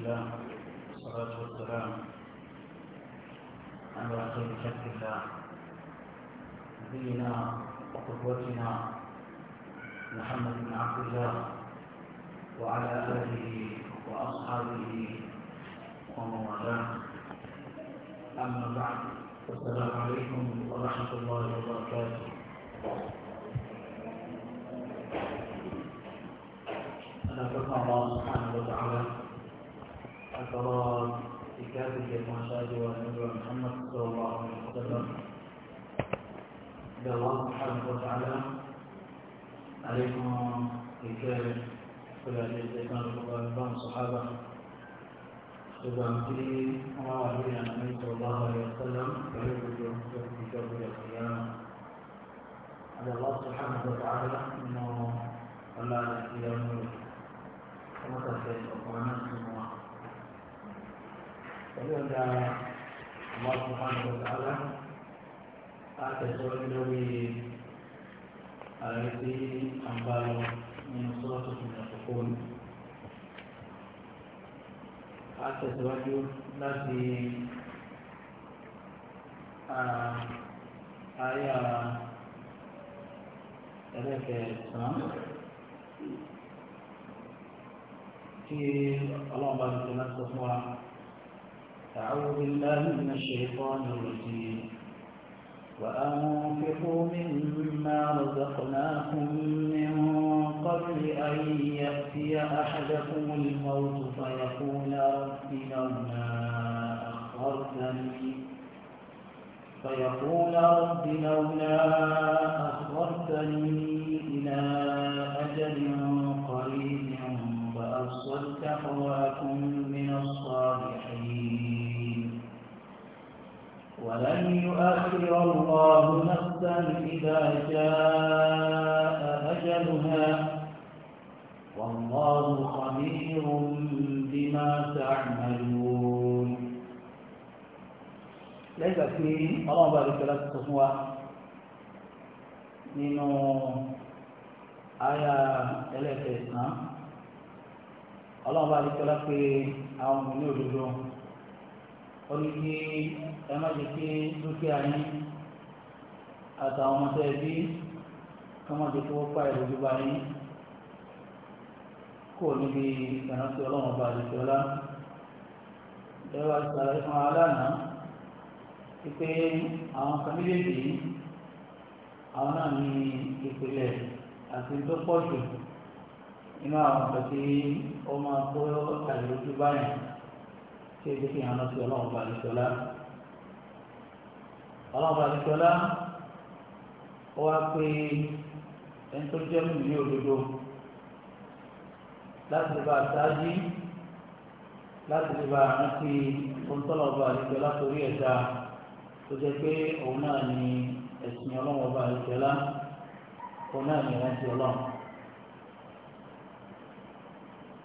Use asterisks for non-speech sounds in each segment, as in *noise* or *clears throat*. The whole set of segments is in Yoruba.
الله والصلاة والسلام على خير خلق الله نبينا وقدوتنا محمد بن عبد الله وعلى آله وأصحابه ومن والاه أما بعد السلام عليكم ورحمة الله وبركاته أنا بقى الله سبحانه وتعالى صلاة إكافة يكون شاهد ونبي محمد صلى الله عليه وسلم إلى الله سبحانه وتعالى عليكم إكافة كل هذه الإكافة وقال الصحابة تبعتي وعلي النبي صلى الله عليه وسلم فيرجو في جوف القيامة على الله سبحانه وتعالى أنه ألا يأتي يوم كما تسير القرآن pẹ̀lú ọ̀dà àwọn ọ̀sán ọ̀dà àtẹ̀sọ́rọ́ lórí ààrẹ tí a ń bá lọ nínú sọ́ọ̀tù ìrìnàkókò ni. àtẹ̀síwájú láti àyà ẹlẹ́kẹ̀ẹ́sán tí ọlọ́run bá ti tẹ̀lé sọ fún wa. أعوذ بالله من الشيطان الرجيم وأنفقوا مما رزقناكم من قبل أن يأتي أحدكم الموت فيقول ربي لما أخرتني فيقول رب لولا أخرتني إلى أجل قريب فأصدق وأكن ولن يؤخر الله نفسا إذا جاء أجلها والله خبير بما تعملون ليس في الله بارك لك تصوى nínú àyà ẹlẹ́kẹ̀ẹ́sán ọlọ́run bá rí tọ́lá pé àwọn ó ní kí ẹ má jẹ́ kí dúkìá yín àtàwọn ọmọ tẹ́ ẹ wọ́n pa ìròjú bá yín kó níbi ìrántí ọlọ́run bá àdìsí ọlá ẹwà ìsàlẹ̀ fún aláàánà wípé àwọn kan méjèèjì àwọn náà ní ìpìlẹ̀ àti tó pọ̀ jù nínú àwọn kan tí ó máa kó àìlójú báyìí tí ebi fi hàn sí ọlọ́run bá nìṣọ́lá ọlọ́run bá nìṣọ́lá ó wá pé ẹni tó jẹ́ mú ní òdodo láti lè bá a ṣáájú láti lè bá a rántí ohun ọba àdìgbẹ́lá torí ẹ̀dá tó jẹ́ pé òun náà ni ẹ̀sìn ọlọ́run ọba àdìgbẹ́lá òun náà ni ìrántí ọlọ́run.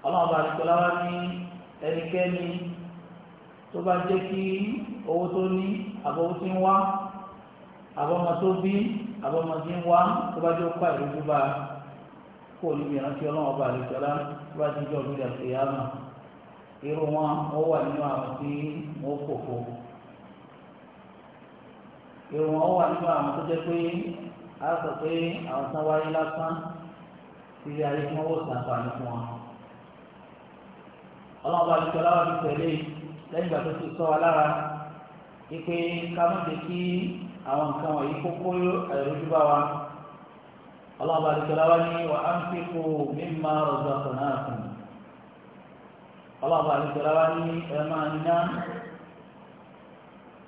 ọlọ́run ọba àdìgbẹ́lá wá ní ẹnikẹ́ni tó bá jẹ́ kí owó tó ní àbọ̀wó tí ń wá àbọ̀mọ tó bí àbọ̀mọ tí ń wá tó bá jẹ́ pa ìrújú bá kó níbi ìrántí a ọba àlejòlá tó bá ti jọ lórí àṣeyàmà irú wọn ó wà nínú àwọn tí wọn kò irú wọn ó wà nínú àwọn tó jẹ́ pé a sọ pé àwọn tán wáyé lásán ti rí ayé tí wọn ó sàǹfààní fún wọn ọlọ́run ọba àlejòlá wà ní tẹ̀lé yìí. E lẹ́yìn ìgbà tó ti sọ wa lára ipe ká má jẹ́ kí àwọn nǹkan wọ̀nyí kókó àìrójú bá wa ọlọ́ọ̀bà àdìsọ́láwá ní wà á ń fi kó mímá ọ̀dọ́ àkànnáàkùn ọlọ́ọ̀bà àdìsọ́láwá ní ẹ máa ń ná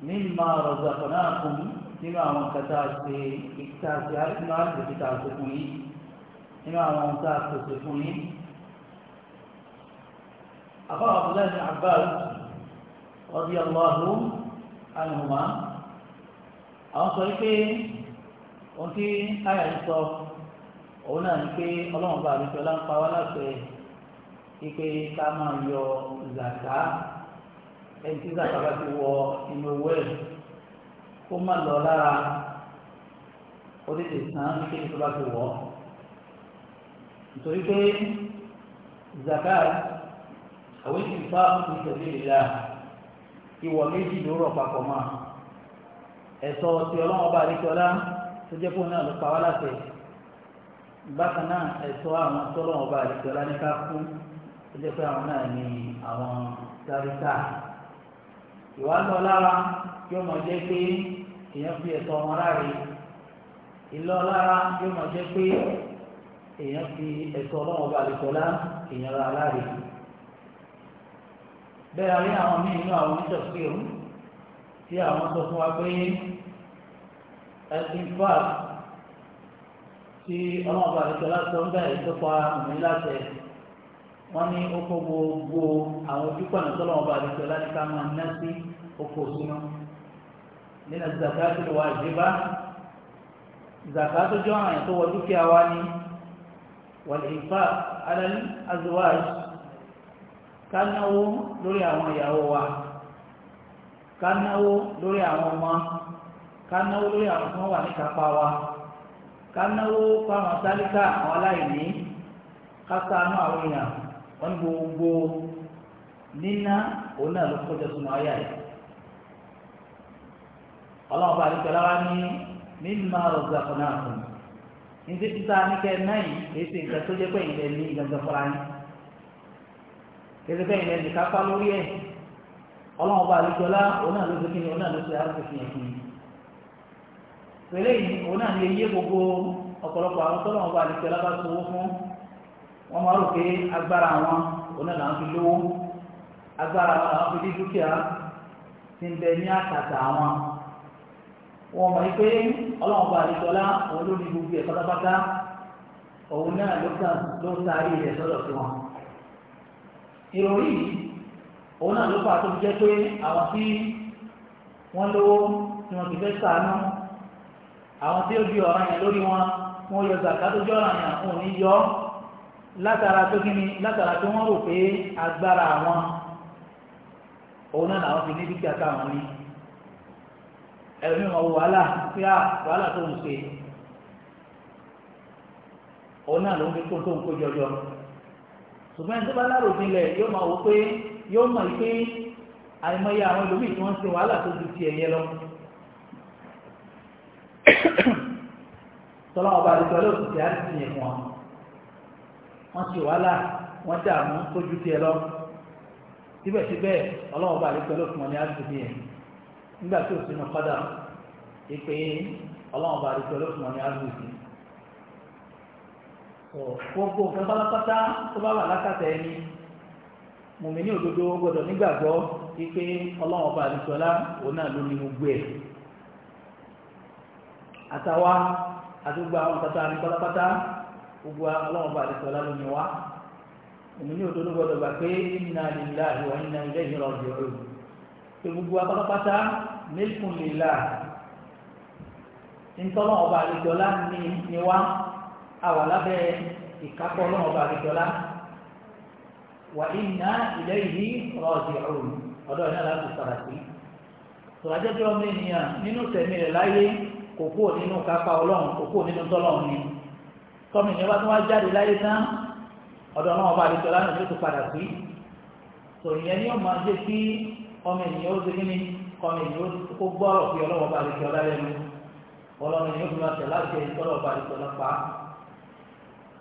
mímá ọ̀dọ́ àkànnáàkùn nínú àwọn nǹkan tá a ṣe ìta ṣe àìsínú àìsèkí tá a fún yín nínú àwọn ohun tá a ṣe fún yín. àbá àbúlá ní àbáàlú ọdí ọlọ́hu alùmọ́ àwọn sọ wípé ohun tí àyà yìí sọ òun náà ni pé ọlọ́run bá àlùfẹ́ láǹpa wá láṣẹ wípé ká máa yọ zàká ẹni tí zàká bá ti wọ inú owó ẹ̀ kó má lọ lára ó tètè sàn ní kéde tó bá ti wọ̀ nítorí pé zàká àwọn ìfipá ní ìtẹ̀lé ìlà ìwọ̀ méjì ló rọ̀ papọ̀ mọ́ ẹ̀sọ́ ti ọlọ́run ọba àdékọ́lá tó jẹ́ pé òun náà ló pa wá láṣẹ bákan náà ẹ̀sọ́ àwọn tọ́lọ́run ọba àdékọ́lá ní ká kú tó jẹ́ pé àwọn náà ní àwọn sáríkà ìwà lọ lára yóò mọ̀ jẹ́ pé èèyàn fi ẹ̀sọ́ ọmọ láre ìlọ lára yóò mọ̀ jẹ́ pé èèyàn fi ẹ̀sọ́ ọlọ́run ọba àdékọ́lá èèyàn ra láre bẹ́ẹ̀ rí àwọn míì nínú àwọn oníṣọ̀sí òun tí àwọn sọ fún wa pé ẹ̀sìn fáà tí ọlọ́ọ̀bà ìṣọ̀lá sọ ń bẹ̀rẹ̀ tó pa òní láṣẹ wọ́n ní ó kó gbogbo àwọn ojúkọ̀nà tó lọ́wọ́ bá ká máa ná sí oko òsínú nínú zakati wa ìjìbá zakati jọ àwọn ètò wọ dúkìá wa ní wàlẹ̀ ìfà alẹ́ azọ́wáyé ká náwó lórí àwọn ìyàwó wa ká náwó lórí àwọn ọmọ ká náwó lórí àwọn tí wọ́n wà ní kápá wa ká náwó fáwọn tálíkà àwọn aláìní ká ṣàánú àwọn èèyàn wọ́n ní gbogbo nínà òun náà ló kọjá sínú ayé àyè ọlọ́run bá àdìgbò láwa ní mímọ ọ̀gá fún ní títí tá a ní kẹ́ náà yìí èsì nǹkan tó jẹ́ pé ìlẹ̀ ní ìgbàgbọ́ fúnra yín. kẹsẹ̀ bẹ́ẹ̀ yẹn lè kápá lórí ẹ̀ ọlọ́run bá àlejòlá òun a ló ṣe kí ni òun náà àrùn fi hàn pẹ̀lẹ́ yìí eyé gbogbo ọ̀pọ̀lọpọ̀ àwọn tọ́lọ́run bá bá sọ owó fún wọn máa rò pé agbára wọn fi lówó agbára wọn làwọn fi ìròrí òun náà ló fà tó jẹ́ pé àwọn tí wọ́n lówó tí wọ́n ti fẹ́ sàánú àwọn tí ó di ọ̀ràn yẹn lórí wọn wọ́n yọ zàkà tó jọ́ra yẹn òun ní yọ látara tó kí ni látara tó wọ́n rò pé agbára àwọn òun náà làwọn fi ní dúkìá táwọn ní ẹ̀rọ mímọ wàhálà pé à wàhálà tó ń ṣe òun náà ló ń fi kó tó ń kó jọjọ ṣùgbọ́n ẹni tó bá lárò nílẹ̀ yóò máa wò pé yóò mọ̀ pé àìmọye àwọn ẹlòmíì tí wọ́n ń ṣe wàhálà tó ju ti ẹ̀yẹ lọ. tọ́lá ọba àdìgbò ọlọ́run ti á ti yẹn fún wa wọ́n ṣe wàhálà wọ́n dààmú tó ju ti ẹ lọ. síbẹ̀síbẹ̀ ọlọ́run ọba àdìgbò fún wọn ni á ti yẹn nígbà tí ò sínú kọ́dà ìpè ọlọ́run ọba àdìgbò fún wọn ni á yẹn gbogbo nǹkan pátápátá tó bá wà lákàtà ẹni mùmíní òdodo gbọdọ̀ nígbàgbọ́ wípé ọlọ́run ọba àdìsọ́lá òun náà ló ní gbogbo ẹ̀ àtàwa àdúgbò àwọn kata ní pátápátá gbogbo ọlọ́run ọba àdìsọ́lá ló ní wá mùmíní òdodo gbọdọ̀ gbà pé inna lillahi wa inna ilayhi raji'un pé gbogbo apátápátá mílíkùn lè là ńtọ́lọ́run ọba àdìsọ́lá ní wá àwà lábẹ́ ìkápọ̀ ọlọ́run ọba àdìjọlá wà inna ilayhi raji'un ọ̀dọ́ iná láti sọ̀rọ̀ sí tòlájẹ́ tí ọmọ ènìyàn nínú tẹ̀mí rẹ̀ láyé kò kúrò nínú kápá ọlọ́run kò kúrò nínú tọ́lọ́run ni tọ́mì ìyẹn bá tún wá jáde láyé tán ọ̀dọ̀ náà ọba àdìjọlá náà ló tún padà sí tò ìyẹn ní ọmọ ajé kí ọmọ ènìyàn ó segin ní ọmọ ènìyàn ó gbọ́rọ̀ pé ọlọ́run ọba àdìjọlá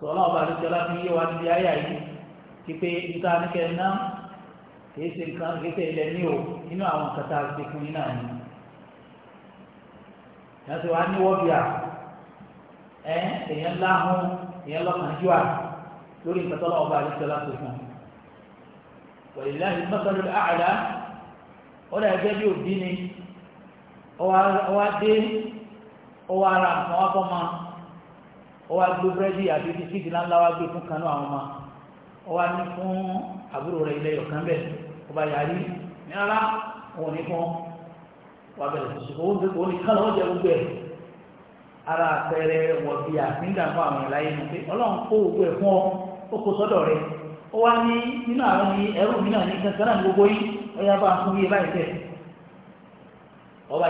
sọ̀rọ̀ ọba àdúgbò fi yé wa níbi ayé àyè pípé níta níkẹ́ ná kìí ṣe nǹkan kìí ṣe ilẹ̀ ní o nínú àwọn nǹkan tá a ti fún yín náà ni. èèyàn ti wá ní wọ́bìà ẹ èèyàn láhùn èèyàn lọ́kànjú à lórí nǹkan tọ́lọ́ ọba àdúgbò láti fún un. wàlíláà ní mọ́tàlú àlá ó dà gẹ́gẹ́ bí òbí ni ó wá dé ó wá ra nǹkan wá fọ́ máa. ó wá gbé búrẹ́dì àti bisikì ńláńlá wá gbé fún kanú àwọn ọmọ wá ní àbúrò rẹ̀ ilẹ̀ yọ̀kan bẹ́ẹ̀ bá ní ara ní fún bẹ̀rẹ̀ ní gbogbo ẹ̀ ara àpẹẹrẹ wọ̀ bí i àfíńdà fún àwọn ìláyé nù pé ọlọ́run kó gbogbo ẹ̀ fún ọ ó kó sọ́dọ̀ wá ní àwọn ní ẹrú mi náà ọba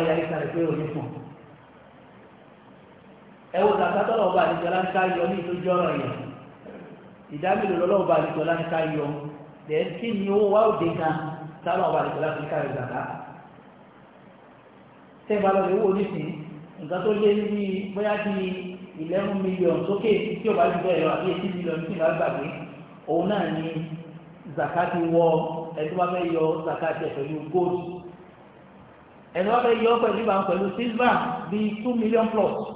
pé òní ẹwọ zakatọ lọwọ bá àdìjọ láńká yọ ní ìtọ́jú ọ̀rọ̀ yẹn ìdámìlò lọwọ bá àdìjọ láńká yọ lẹ kí ni owó wa òde kan sábà wà àdìjọ láńká yọ zaka tẹgbà lọ owó onísìn nǹkan tó lé ní bóyá ti eleven million sókè tí o bá ju bẹ́ẹ̀ lọ àbí eighteen million tí o bá gbàgbé òun náà ni zakati wọ ẹni tó bá fẹ́ yọ zakati ẹ̀ pẹ̀lú gold ẹni tó bá fẹ́ yọ pẹ̀lú ìbámu pẹ̀lú silver bíi two million plus.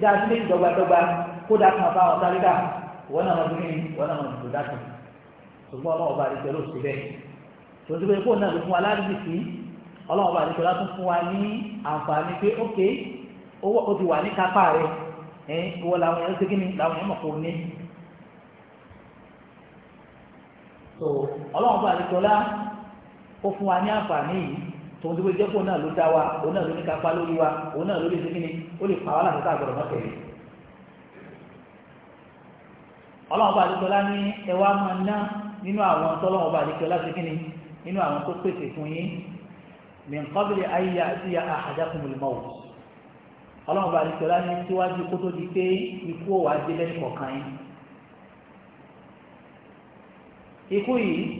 dáa sílé dọ́gbadọ́gba kó dáa kan fáwọn sáríkà wọn náà lọ́dún yìí wọn náà lọ́dún tó dákun ṣùgbọ́n ọlọ́wọ́ bá àdìsẹ́ ló ṣe bẹ́ẹ̀ tòun ti pé kó náà ló fún wa láàrín sí ọlọ́wọ́ bá àdìsẹ́ látún fún wa ní àǹfààní pé ok owó o ti wà ní kápá rẹ ẹ owó làwọn yẹn segin ní làwọn yẹn mọ̀ ní. so ọlọ́wọ́ bá àdìsẹ́ lá ó fún wa ní àǹfààní yìí tòun tó jẹ́ fóun náà ló dá wa òun náà ló ní kápá lórí wa òun náà ló lè ṣe kí ni ó lè pa wá láti ká àgbọ̀dọ̀ mọ́tẹ̀ rẹ̀. ọlọ́run bá àdìsọ́lá ní ẹwà máa ná nínú àwọn tọ́lọ́run bá àdìsọ́lá ṣe kí ni nínú àwọn tó pèsè fún yín min qabli an ya'tiya ahadakumul mawt ọlọ́run bá àdìsọ́lá ní síwájú kó tó di pé ikú òwà dé lẹ́nu kọ̀ọ̀kan yín ikú yìí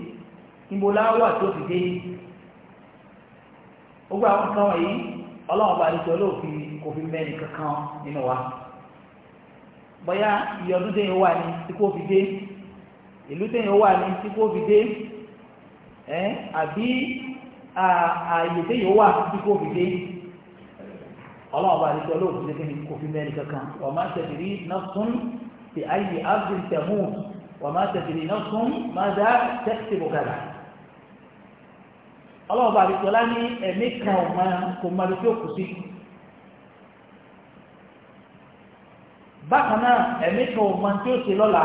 níbo láwà tó fi dé gbogbo àwọn nǹkan wọ̀nyí ọlọ́run bá àdìsọ olóòfin kò fi mẹ́rin kankan nínú wa bóyá ìyọdún tẹ́yìn wà ní tí kò fi dé ìlú tẹ́yìn wà ní tí kò fi dé ẹ́ àbí ààyè tẹ́yìn wà tí kò fi dé ọlọ́run bá àdìsọ olóòfin tẹ́yìn kò fi mẹ́rin kankan wọ́n máa tẹ̀sírí ti ayé abdul tamud wọ́n máa tẹ̀sírí máa dá tẹ́sítì bọ̀kàlà ọlọ́ọ̀bà àríkọlá ní ẹ̀mí kan ọ̀mọ kò mọ̀lú tí ó kù sí bákan náà ẹ̀mí kan ọ̀mọ tí ó ṣe lọ́la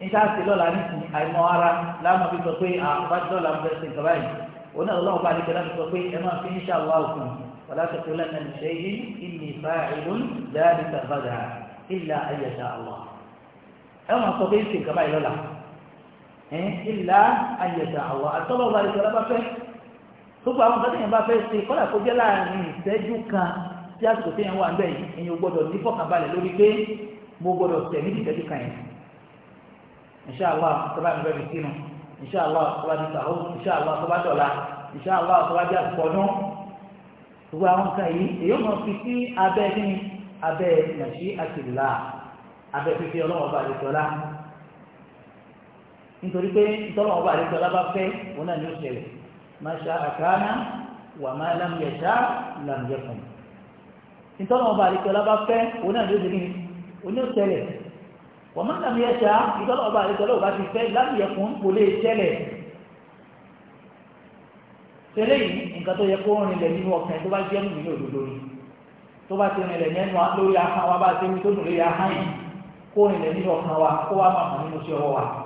níta ṣe lọ́la ní ti àìmọ́ ara láàmú fi sọ pé àbájọ́lá ń bẹ̀rẹ̀ ìjọba yìí oní ọlọ́ọ̀bà àríkọlá ti sọ pé ẹ máa fi níṣà wá òkun wàlá tẹ̀sí lẹ́nu ìṣe yìí ìní fa'ilun dhalika ghadan ìlà ayẹ̀dà àwọ̀ àtọ́lọ̀ ọba ìṣọ́lá bá fẹ́ gbogbo àwọn ọ̀gá tẹ̀yìn bá fẹ́ ṣe kọ́lá kó jẹ́ láàrin ìṣẹ́jú kan tí àsìkò tẹ̀yìn wà bẹ́ẹ̀ ẹ̀yin ò gbọ́dọ̀ ní fọkànbalẹ̀ lórí pé mo gbọ́dọ̀ tẹ̀ ní ìṣẹ́jú kan yẹn ìṣáàlá tọ́ba ìbẹ̀ mi sínú ìṣáàlá tọ́ba ti tàó ìṣáàlá tọ́ba yìí èyí ò máa fi sí abẹ́ ní abẹ́ nàìjíríà tìlá abẹ́ fífi ọlọ́wọ́ nítorí pé ìtọ́lọ̀ ọba àdéjọ lábá fẹ́ òun náà ni ó ṣẹlẹ̀ máa ṣe àkáánà wà máa lámìyẹ̀ṣá lámìyẹ̀kùn ìtọ́lọ̀ ọba àdéjọ lábá fẹ́ òun náà ni ó ṣẹlẹ̀ òun ni ó ṣẹlẹ̀ wà máa lámìyẹ̀ṣá ìtọ́lọ̀ ọba àdéjọ lọ́wọ́ bá ti fẹ́ lámìyẹ̀kùn kò lè ṣẹlẹ̀ tẹ́lẹ̀ yìí nǹkan tó yẹ kó rinlẹ̀ nínú ọkàn tó bá jẹ́ nínú ìlú òdodo ni tó bá ti rinlẹ̀ nínú lórí ahọ́n wa bá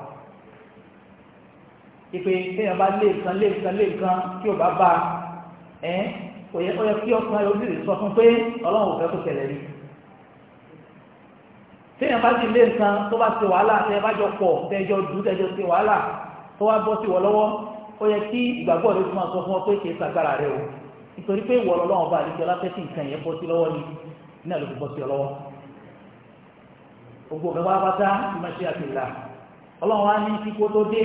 ìpè kéèyàn bá lé nǹkan lé nǹkan lé nǹkan tí ò bá bá ẹ kò yẹ kó yẹ kí ọkùnrin yóò bìrì sọ fún pé ọlọ́run ò fẹ́ kó tẹ̀lẹ̀ rí téèyàn bá ti lé nǹkan tó bá ti wàhálà téèyàn bá jọ pọ̀ tẹ́jọ dùn tẹ́jọ ti wàhálà tó wá bọ́ sí wọ lọ́wọ́ ó yẹ kí ìgbàgbọ́ rẹ tó máa sọ fún ọ pé kì í sàgbára rẹ o nítorí pé ìwọ ọlọ́run bá àdìsí ọlátẹ́sí nǹkan yẹn bọ́ sí lọ́wọ́ ni iná ló fi bọ́ sí ọ lọ́wọ́ gbogbo ọ̀gá wa bá dá ìmọ̀ṣẹ́ àtìlá ọlọ́run wá ní kíkó tó dé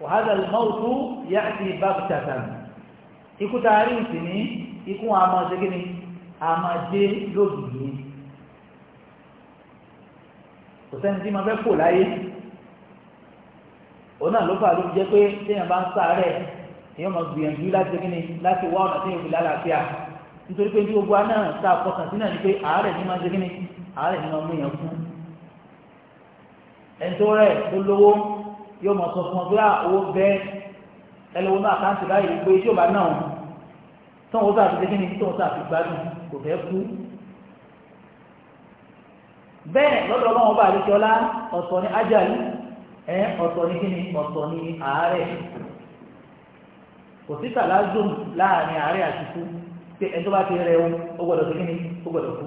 وهذا الموت yáàtì bábùtàtà ikú taari ìsìn ní ikú àmọ́ ṣẹ́gínní لوجي. dé ما بقول sẹ́ni tí ma fẹ́ kò láyé òun náà ló fà ló jẹ́ pé téèyàn bá ń sáré èèyàn máa gbìyànjú láti ṣẹ́gínní láti wá ọ̀nà téèyàn fi lálàáfíà nítorí pé bí gbogbo aná tá a fọkàn sí náà pé àárẹ̀ ní máa ṣẹ́gínní àárẹ̀ ní máa mú yẹn fún ẹni tó rẹ̀ tó lówó yóò mọ̀ sọ fún ọ pé ah, owó bẹ́ ẹlẹ́wọ̀n náà àkáǹtì báyìí gbé tí ò bá náà tán wọ́n sáà fi dégbé ní tí wọ́n sáà fi gbádùn kò fẹ́ kú bẹ́ẹ̀ lọ́dọ̀ ọlọ́run bá àdékẹ́ ọlá ọ̀sọ̀ ní ájàlú ẹ̀ ọ̀sọ̀ ní kíni ọ̀sọ̀ ní àárẹ̀ kò sí tàlázùm láàrin àárẹ̀ àti kú pé tó bá ti rẹ̀ ó gbọ́dọ̀ tó kíni ó gbọ́dọ̀ kú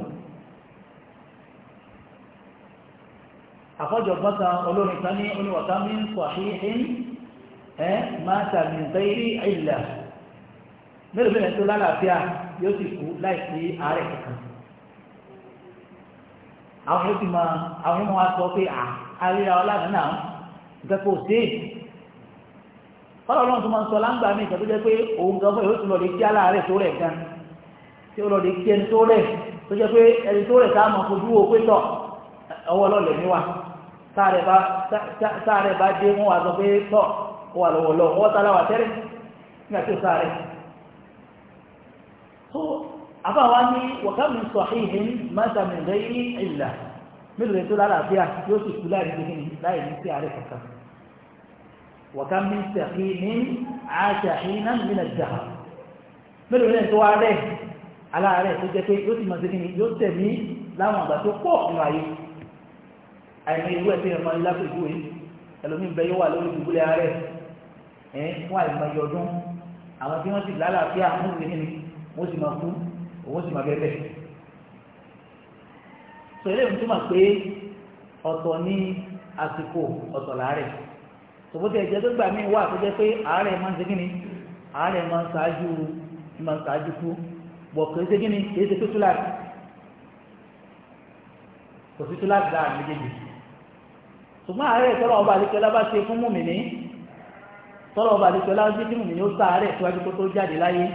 àfọ́jọ̀gbọ́n kan olórin kan ní oníwọ̀ta mi ń sọ àṣírí ẹ́ máa tàbí ìtẹ́rí ìlà mélòó mélòó tó lálàáfíà yóò sì kú láìsí àárẹ̀ kankan àwọn yóò ti mọ àwọn yóò máa sọ pé àríra ọlànà náà nǹkan kò sí kọ́lọ̀ tó máa ń sọ láǹgbà mi ìtọ́jú jẹ́ pé òun gan fún ìhóòtú lọ́ọ̀dẹ̀ kí aláàárẹ̀ tó rẹ̀ gan tí ó lọ́ọ̀dẹ̀ kí ẹni tó rẹ̀ tó jẹ́ pé ẹni tó rẹ̀ sáà mọ̀ fojú wo pé tọ̀ ọwọ́ ọlọ́ọ̀lẹ̀ mi sáàrẹ̀ bá dé wọ́n wà sọ pé tọ́ wà lọ́wọ́lọ́ wọ́n tàláwà tẹ́rẹ̀ nígbàtí ó sáàrẹ̀ so afáwa ní wọ̀kàmù sọ̀híhìn mátàmì rẹ̀ ní ìlà mílùú tó lálàáfíà yóò sì kú láì ní láì ní sí ààrẹ kankan wọ̀kàmù sọ̀híhìn àṣàhínà nínú ìjàhà mílùú rẹ̀ tó wá rẹ̀ aláàrẹ̀ tó jẹ́ pé yóò sì mọ̀ àìmọ̀ irú ẹ̀sìn ẹ̀fọn lápẹ̀jú yìí ẹlòmí bẹ yóò wà lórí ìdúgbòlẹ̀ ààrẹ ẹ̀ fún àìmọ̀ iye ọdún àwọn tí wọ́n sì lálàáfíà wọ́n sì ní wọ́n sì máa kú òun sì máa bẹ́ẹ̀ bẹ́ẹ̀. sọ eléyìí túmọ̀ pé ọ̀tọ̀ ní àsìkò ọ̀tọ̀ láàrẹ̀ tòbótì ẹ̀jẹ̀ tó gbà mí wà tó jẹ́ pé àárẹ̀ máa ń ṣe kíni àárẹ̀ máa ń ṣáájú kú bọ̀ kì í ṣe kíni kì í ṣe tútù kò sí tútù méjèèjì ṣùgbọ́n àárẹ̀ tọ́lọ̀ ọba àdìsọ́lá bá ṣe fún mùmìnì tọ́lọ̀ ọba àdìsọ́lá ń dídí mùmìnì ó sá àárẹ̀ síwájú tó tó jáde láyé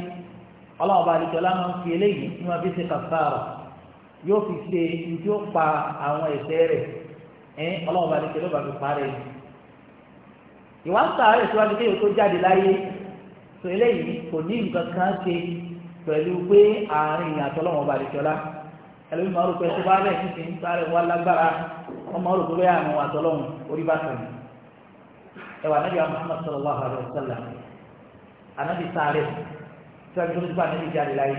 ọlọ́run ọba àdìsọ́lá máa ń fi eléyìí ní wọn fi ṣe kàfàrà yóò fi ṣe ìdí ó pa àwọn ẹ̀ṣẹ̀ rẹ̀ ẹ̀ ọlọ́run ọba àdìsọ́lá bá fi parẹ́ ìwà ń sá àárẹ̀ síwájú tó jáde láyé tó eléyìí kò ní nǹkan kan ṣe pẹ̀lú pé àárín àtọ́lọ́run ọba àdìsọ́lá ẹlòmí máa rò pé tó bá bẹ́ẹ̀ ní ti ń sáré wá lágbára wọ́n máa rò pé bẹ́ẹ̀ àwọn àtọ́lọ́hún orí bá kàn ní. ẹwà anábì Muhammad sallallahu alaihi wasallam anábì sáré tí wọ́n ti tó ti bá anábì jáde láyé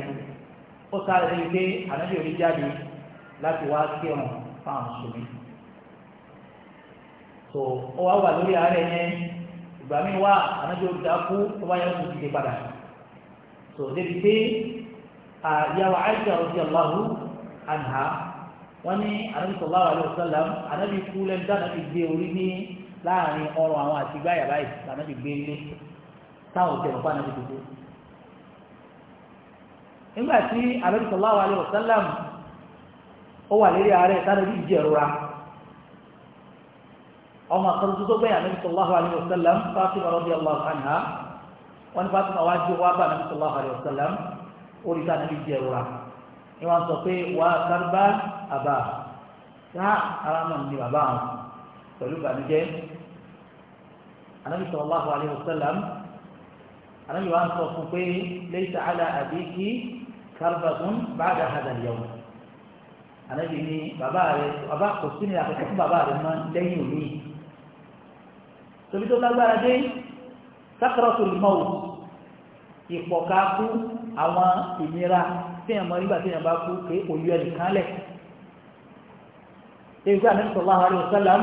ó sáré lórí pé anábì orí jáde láti wá kírun fáwọn mùsùlùmí. tó ó wá wà lórí ààrẹ yẹn ìgbà mi wá anábì orí dákú ó bá yẹ kó ti dé padà. tó débi pé àyàwó àìsàn radiyallahu anha wọ́n ní anabi sallallahu alayhi wa sallam anabi kú lẹ́nu tí anabi gbé orí ní láàrin ọrùn àwọn àti gbáyà báyìí anabi gbé ilé táwọn òkè nípa anabi dúdú. nígbà tí anabi sallallahu alayhi wa sallam ó wà lérí ààrẹ tánàbí ìjẹ̀rora ọmọ àkọsí tó bẹ́yà anabi sallallahu alayhi wa sallam Fatima radiyallahu anha wọ́n ní Fatima wá jẹ́ bá anabi sallallahu alayhi wa sallam ó rí tánàbí ìjẹ̀rora ni wọ́n sọ pé wà á kárúbá àbá tá ara náà ní bàbá àwọn pẹ̀lú ìbànújẹ́ anábìsọ̀ ọláhùn alẹ́ òṣèlám anábì wa ń sọ fún pé lẹ́yìn àlà àbíkí kárúbá tún báàdà àdàlẹ́wò anábì ní bàbá rẹ̀ bàbá kò sí ní àkókò fún bàbá rẹ̀ mọ́ lẹ́yìn òní tobi tó lágbára dé sakaratul maut ìpọ̀ká kú àwọn ìnira téèyàn mọ nígbà téèyàn bá kú pé òyú ẹnìkan lẹ̀ èyí pé ànábì sallallahu alaihi wasallam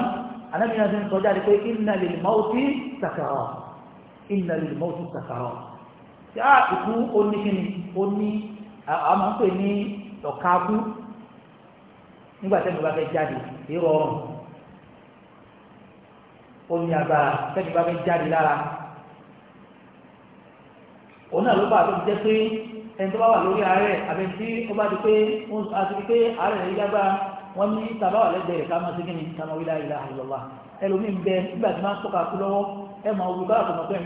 ànábì náà ti ń sọjá pé inna lil mauti sakarat inna lil mauti sakarat tí a ah, ìkú ó ní kíni ó ní àmọ́ pé ní ọ̀ka kú nígbà téèyàn bá fẹ́ jáde ìrọ̀rùn ó ní agbára téèyàn fẹ́ jáde lára òun náà ló bá a tó jẹ́ pé ẹni tó bá wà lórí ààrẹ àbẹ tí ó bá di pé a ti di pé ààrẹ rẹ̀ yágbá wọ́n ní tàbá wà lẹ́gbẹ̀ẹ́ rẹ̀ ká máa segin ní kàmá wílá ìlà àlọ́lá ẹlòmíì ń bẹ nígbà tí máa ń tọ́ka kú lọ́wọ́ ẹ máa wù ká wọ́n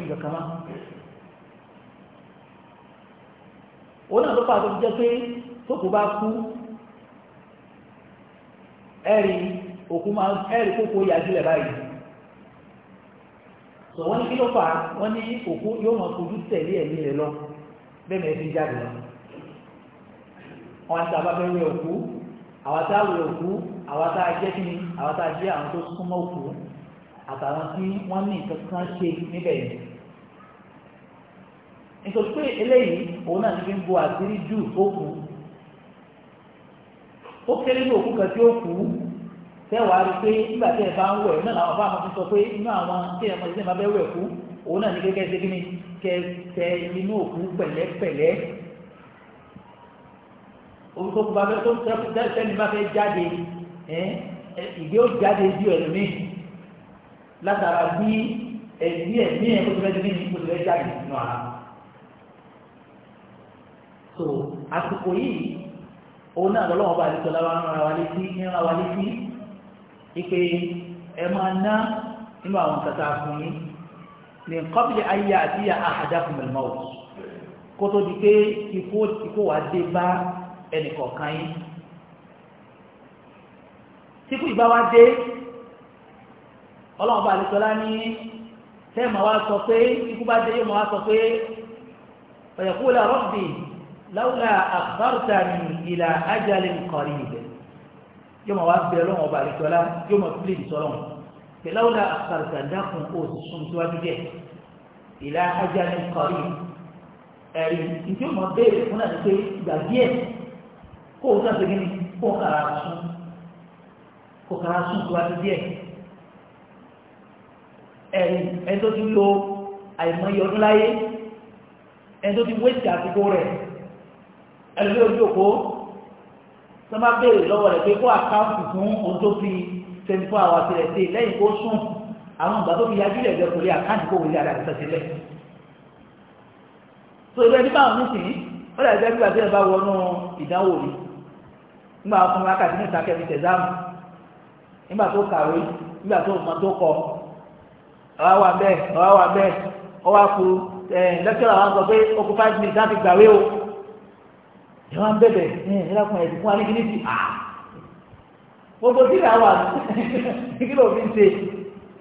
ní kí ló fà wọ́n ní òkú yóò máa fojú tẹ̀lé ẹ̀mí rẹ̀ lọ bẹ́ẹ̀ mẹ́ẹ̀ fi jáde lọ. àwọn àti àbá fẹ́ òkú àwọn tá a òkú àwọn tá a jẹ́ kíni àwọn tá a ṣe níbẹ̀ yìí. nítorí pé eléyìí òun náà ti fi ń bo àṣírí jù òkú ó kéré ní òkú kan tí ó kú rí pé nígbà tí ẹ bá ń wẹ̀ náà làwọn bá sọ pé inú àwọn tí ẹ mọ̀ sí ẹ bẹ́ wẹ̀ kú òun náà kẹtẹ inú òkú pẹ̀lẹ́pẹ̀lẹ́ orí tó kú bá fẹ́ tó sẹ́ni bá fẹ́ jáde ìgbé ó jáde ju ẹ̀mí látara bí ẹ̀mí ẹ̀mí ẹ̀ kó tó fẹ́ jáde kó nínú ara so àsìkò yìí òun náà lọ́wọ́ bá àdìsọ́ lára ń ra wa létí ń ra wa létí ipe ẹ máa ná nínú àwọn kàtà fún yín min qabli an ya'tiya ahadakum al-mawt kó tó di pé ikú ikú wà dé bá ẹnìkọ̀ọ̀kan yín tíkú ìgbà wá dé ọlọ́run bá àlùsọ́lá ní tẹ́ẹ̀mà wá sọ pé ikú bá dé yóò mọ̀ wá sọ pé ọ̀yẹ̀kú la rabbi lawla akhbartani ila ajalin qarib yóò mọ̀ wá bẹ̀rẹ̀ ọlọ́run ọba àlùsọ́lá yóò mọ̀ fílẹ̀ ìsọ́lọ́run fìlàwọ́dà àkàrùkà dákun oṣù sùn síwájú jẹ ìlà ajá ní kọrí ẹ̀rí ìdí ọmọ béèrè fún àti pé ìgbà díẹ̀ kó o sáfẹ́ gíní kó o kàrà sùn kó o kàrà sùn síwájú díẹ̀ ẹ̀rí ẹni tó ti lo àìmọye ọdún láyé ẹni tó ti wéṣì àsìkò rẹ̀ ẹni tó ti ojú òkó sọ ma béèrè lọ́wọ́ rẹ̀ pé kó àkáǹtì fún ohun tó fi twenty four hours rẹ̀ ṣe lẹ́yìn kó sùn àwọn ìgbà tó fi yájú rẹ̀ lẹ́kọ̀ọ́ lé àkáǹtì kó wọlé àdàlẹ́ sẹ́sẹ́ lẹ̀. tó ibẹ̀ nípa àwọn nísìnyí ó dàbí ẹgbẹ́ àti ẹ̀bá wọnú ìdánwò mi nígbà fún wákàtí mẹ́ta kẹ́mi tẹ̀sáàmù nígbà tó kàwé nígbà tó mọ tó kọ ọwá wà bẹ́ẹ̀ ọwá wà bẹ́ẹ̀ ọwá ku lẹ́kítọ́rà wa sọ pé ó kú five minutes láti gbàwé o ìwọ́n bẹ̀bẹ̀ ẹ̀ ẹ̀ gbogbo tíra wà *laughs* kí ló fi ń ṣe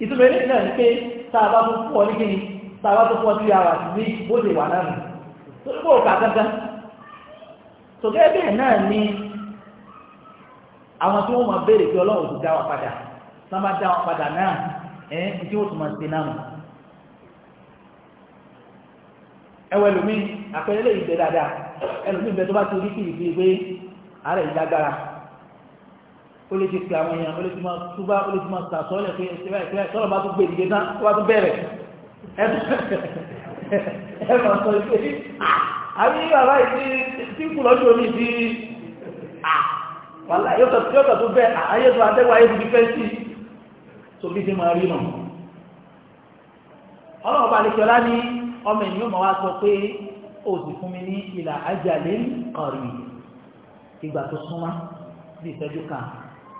ìtumẹ̀ ní ìlànà pé tàbá tó pọ̀ ní kíni tàbá tó pọ̀ tíra wà ní bóde wà náà tó ní bóòkà gangan tó gẹ́gẹ́ bẹ́ẹ̀ náà ni àwọn tí wọ́n máa béèrè pé ọlọ́run ti dá wa padà tá máa dá wa padà náà ẹ̀ ń tí wọ́n tún máa ṣe náà ẹwẹ́ lómi àpẹẹrẹ lè yí bẹ́ẹ̀ dáadáa ẹlòmíì bẹ́ẹ̀ tó bá ti rí kìrìkìrì pé àárẹ̀ ìdágbára ó lè ti pe àwọn èèyàn ó lè ti máa túbá ó lè ti máa tà sọ́ọ́lẹ̀ pé ìṣẹ́lẹ̀ ìṣẹ́lẹ̀ sọ́ọ́lẹ̀ bá tún gbé ìdíje náà tó bá tún bẹ̀rẹ̀ ẹ *laughs* máa sọ pé ah, àbí bàbá yìí tí kù lọ́jọ́ omi ti ah, wàhálà yóò tọ̀ tó bẹ́ẹ̀ ah, ayé tó adẹ́wọ̀ ayé tó fẹ́ sí tó bí ti máa rí nà ọlọ́run bá nìkọ́lá ní ọmọ ènìyàn máa wá sọ pé ó sì fún mi ní ìlà ajalin qarib ìgbà tó súnmọ́ bí ìṣẹ́jú kan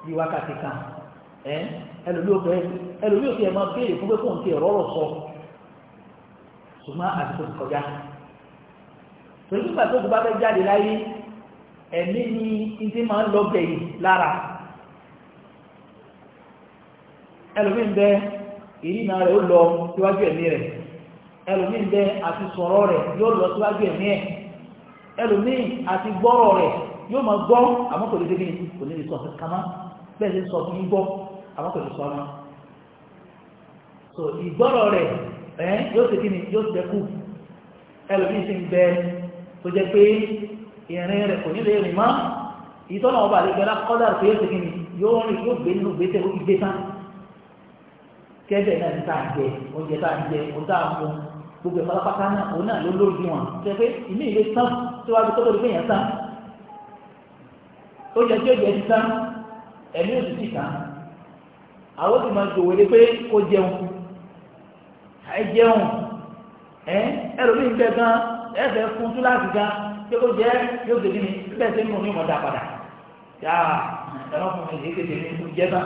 bí wákàtí kan ẹlòmí ò fẹ́ ẹlòmí ò fi ẹ̀ máa béèrè fún pé kóun ti ẹ̀rọ ọ̀rọ̀ sọ ṣùgbọ́n àti tó ti kọjá torí nígbà tó ti bá fẹ́ jáde láyé ẹ̀mí ni ìdí máa ń lọ bẹ̀yì lára ẹlòmí ń bẹ ìrìnà rẹ̀ ó lọ síwájú ẹ̀mí rẹ̀ ẹlòmí ń bẹ àti sọ̀rọ̀ rẹ̀ yóò lọ síwájú ẹ̀mí ẹ̀ ẹlòmí àti gbọ́rọ̀ rẹ̀ yóò máa gbọ́ àmọ́ kò ní bẹ́ẹ̀ ṣe sọ fún gbọ́ àwọn kò so ìgbọ́rọ̀ rẹ̀ ẹ̀ yóò ṣe kí ni yóò ṣe kú ẹlòmíì sì ń bẹ tó jẹ́ pé ìrìn rẹ̀ kò ní lè rìn mọ́ ìtọ́nà ọba àlejò alákọ́dà pé yóò ṣe kí ni yóò rìn yóò gbé nínú gbèsè ó ti gbé tán kẹ́bẹ̀ náà ní táà jẹ oúnjẹ táà jẹ oúnjẹ àmú gbogbo ìfọlọ́pàá náà òun náà ló lórí wọn ṣe pé ìní ìlé tán síwájú tó lórí fẹ́yàn tán oúnjẹ tí ó jẹ ti tán ẹ̀mí ò sì sí kan àwọn sì máa ń gbòwèlé pé kó jẹun ẹ jẹun ẹ ẹlòmíì ń bẹ gan ẹ fẹ́ fún túláàsì gan pé kó jẹ yóò ṣe kí ni bẹ́ẹ̀ ṣe ń mú mi mọ̀ dá padà yá ẹ̀rọ fún mi lè kéde mi ń jẹ tán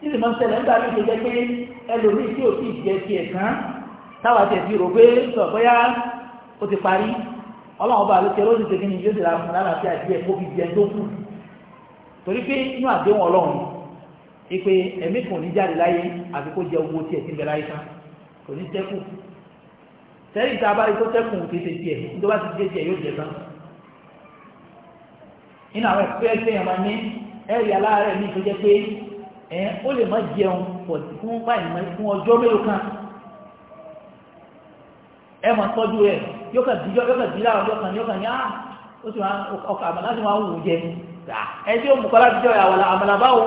níbi máa ń ṣẹlẹ̀ nígbà tó ṣe jẹ́ pé ẹlòmíì tí ò sì jẹ tiẹ̀ kan táwa tẹ̀ fi rò pé sọ̀ bóyá ó ti parí ọlọ́run bá ló kẹ́ ló ti ṣe kí yóò ṣe ra fún lálàáfíà díẹ̀ kó fi jẹ tó kù torí pé inú àdéhùn ọlọ́run ipe ẹ̀mí kò ní jáde láyé àti kó jẹ owó tiẹ̀ síbẹ̀ láyé tán kò ní sẹ́kù sẹ́yìn ìta abáyé tó sẹ́kù kì í ṣe tiẹ̀ nítorí wá ti jẹ́ tiẹ̀ yóò jẹ tán nínú àwọn ẹ̀kọ́ ẹ̀sẹ̀ yẹn máa ní ẹ̀rí aláàárẹ̀ mi tó jẹ́ pé ẹ̀ ó lè má jẹun pọ̀ fún báyìí mọ́ fún ọjọ́ mélòó kan ẹ̀ máa tọ́jú rẹ̀ yóò kàn díjọ́ yóò kàn dí láwọn ọjọ́ kan yóò kàn ní á ah! ó sì máa ọkọ̀ àmàlà sì máa wù ú jẹ Ah, ẹjẹ́ òmùkọ́ láti jọ ìyàwó àmàlà báwo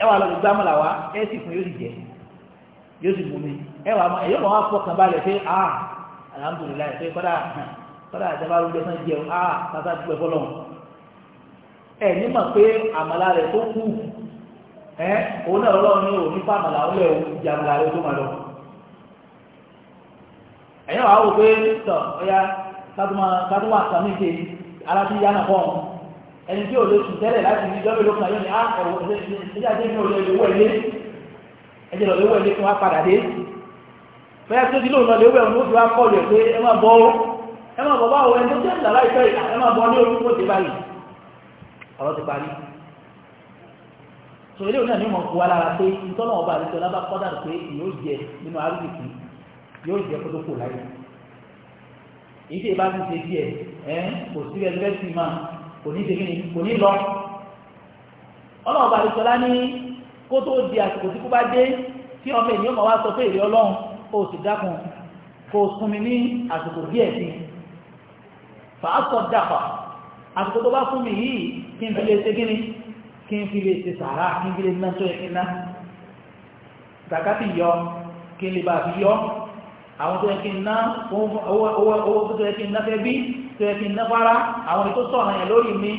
ẹ lọ́dún gbámọ̀là wa ẹ sì fún yóò sì jẹ yóò sì bomi ẹ máa yóò máa fọkàn balẹ̀ pé ah, a alhamdulilayi pé kọ́dà kọ́dà àtẹ́bá ló gbẹ́sán jẹun ah, a tata dúpẹ́ ẹ nímọ̀ pé àmàlà rẹ̀ tó kù ẹ òun náà lọ́wọ́ ní àmàlà òun àmàlà rẹ̀ tó máa lọ. ẹ̀yẹ́ wàá wò pé ẹni tí o lè sùn tẹ́lẹ̀ láti ní ìjọba ìlú kan yóò ní á ẹ̀wọ̀ ẹ̀jẹ̀ àti ẹ̀jẹ̀ òye ìwọ̀ ilé ẹ̀jẹ̀ lọ léwọ̀ ilé kí wọ́n padà dé bẹ́ẹ̀ tó ti lóun lọ léwọ̀ ẹ̀wọ̀n ó ti wá kọlù ẹ̀ pé ẹ máa bọ́ ẹ máa bọ́ báwo ẹni tó jẹ́ ìlà láìpẹ́ ìlà ẹ máa bọ́ ní orúkọ ti báyìí ọ̀rọ̀ ti parí so ilé òun náà ní mọ̀ kú wa lára pé ìtọ́nà ọba àti ìtọ́nà bá kọ́dà pé yóò jẹ nínú arúgbìkì yóò jẹ kó tó kò láyé ìdí ìbá ti ṣe díẹ̀ ẹ kò sí ẹgbẹ́ sí máa kò ní ṣe kíni kò ní lọ ọlọ́run bá àdìsọ́lá ní kó tó di àsìkò tí kú bá dé tí ọmọ ènìyàn máa wá sọ pé èrè ọlọ́run ó sì dákun kò sún mi ní àsìkò díẹ̀ sí fàásọ̀ dàpà àsìkò tó bá fún mi yìí kí n fi lè ṣe kíni kí n fi lè ṣe sàárà kí n fi lè ná tó yẹ kí n ná zakati yọ kí n lè bá fi yọ àwọn tó yẹ kí n ná owó tó yẹ kí n ná fẹ́ bí tó yẹ kí n náfárá àwọn ètò sọ̀rọ̀ yẹn lórí mi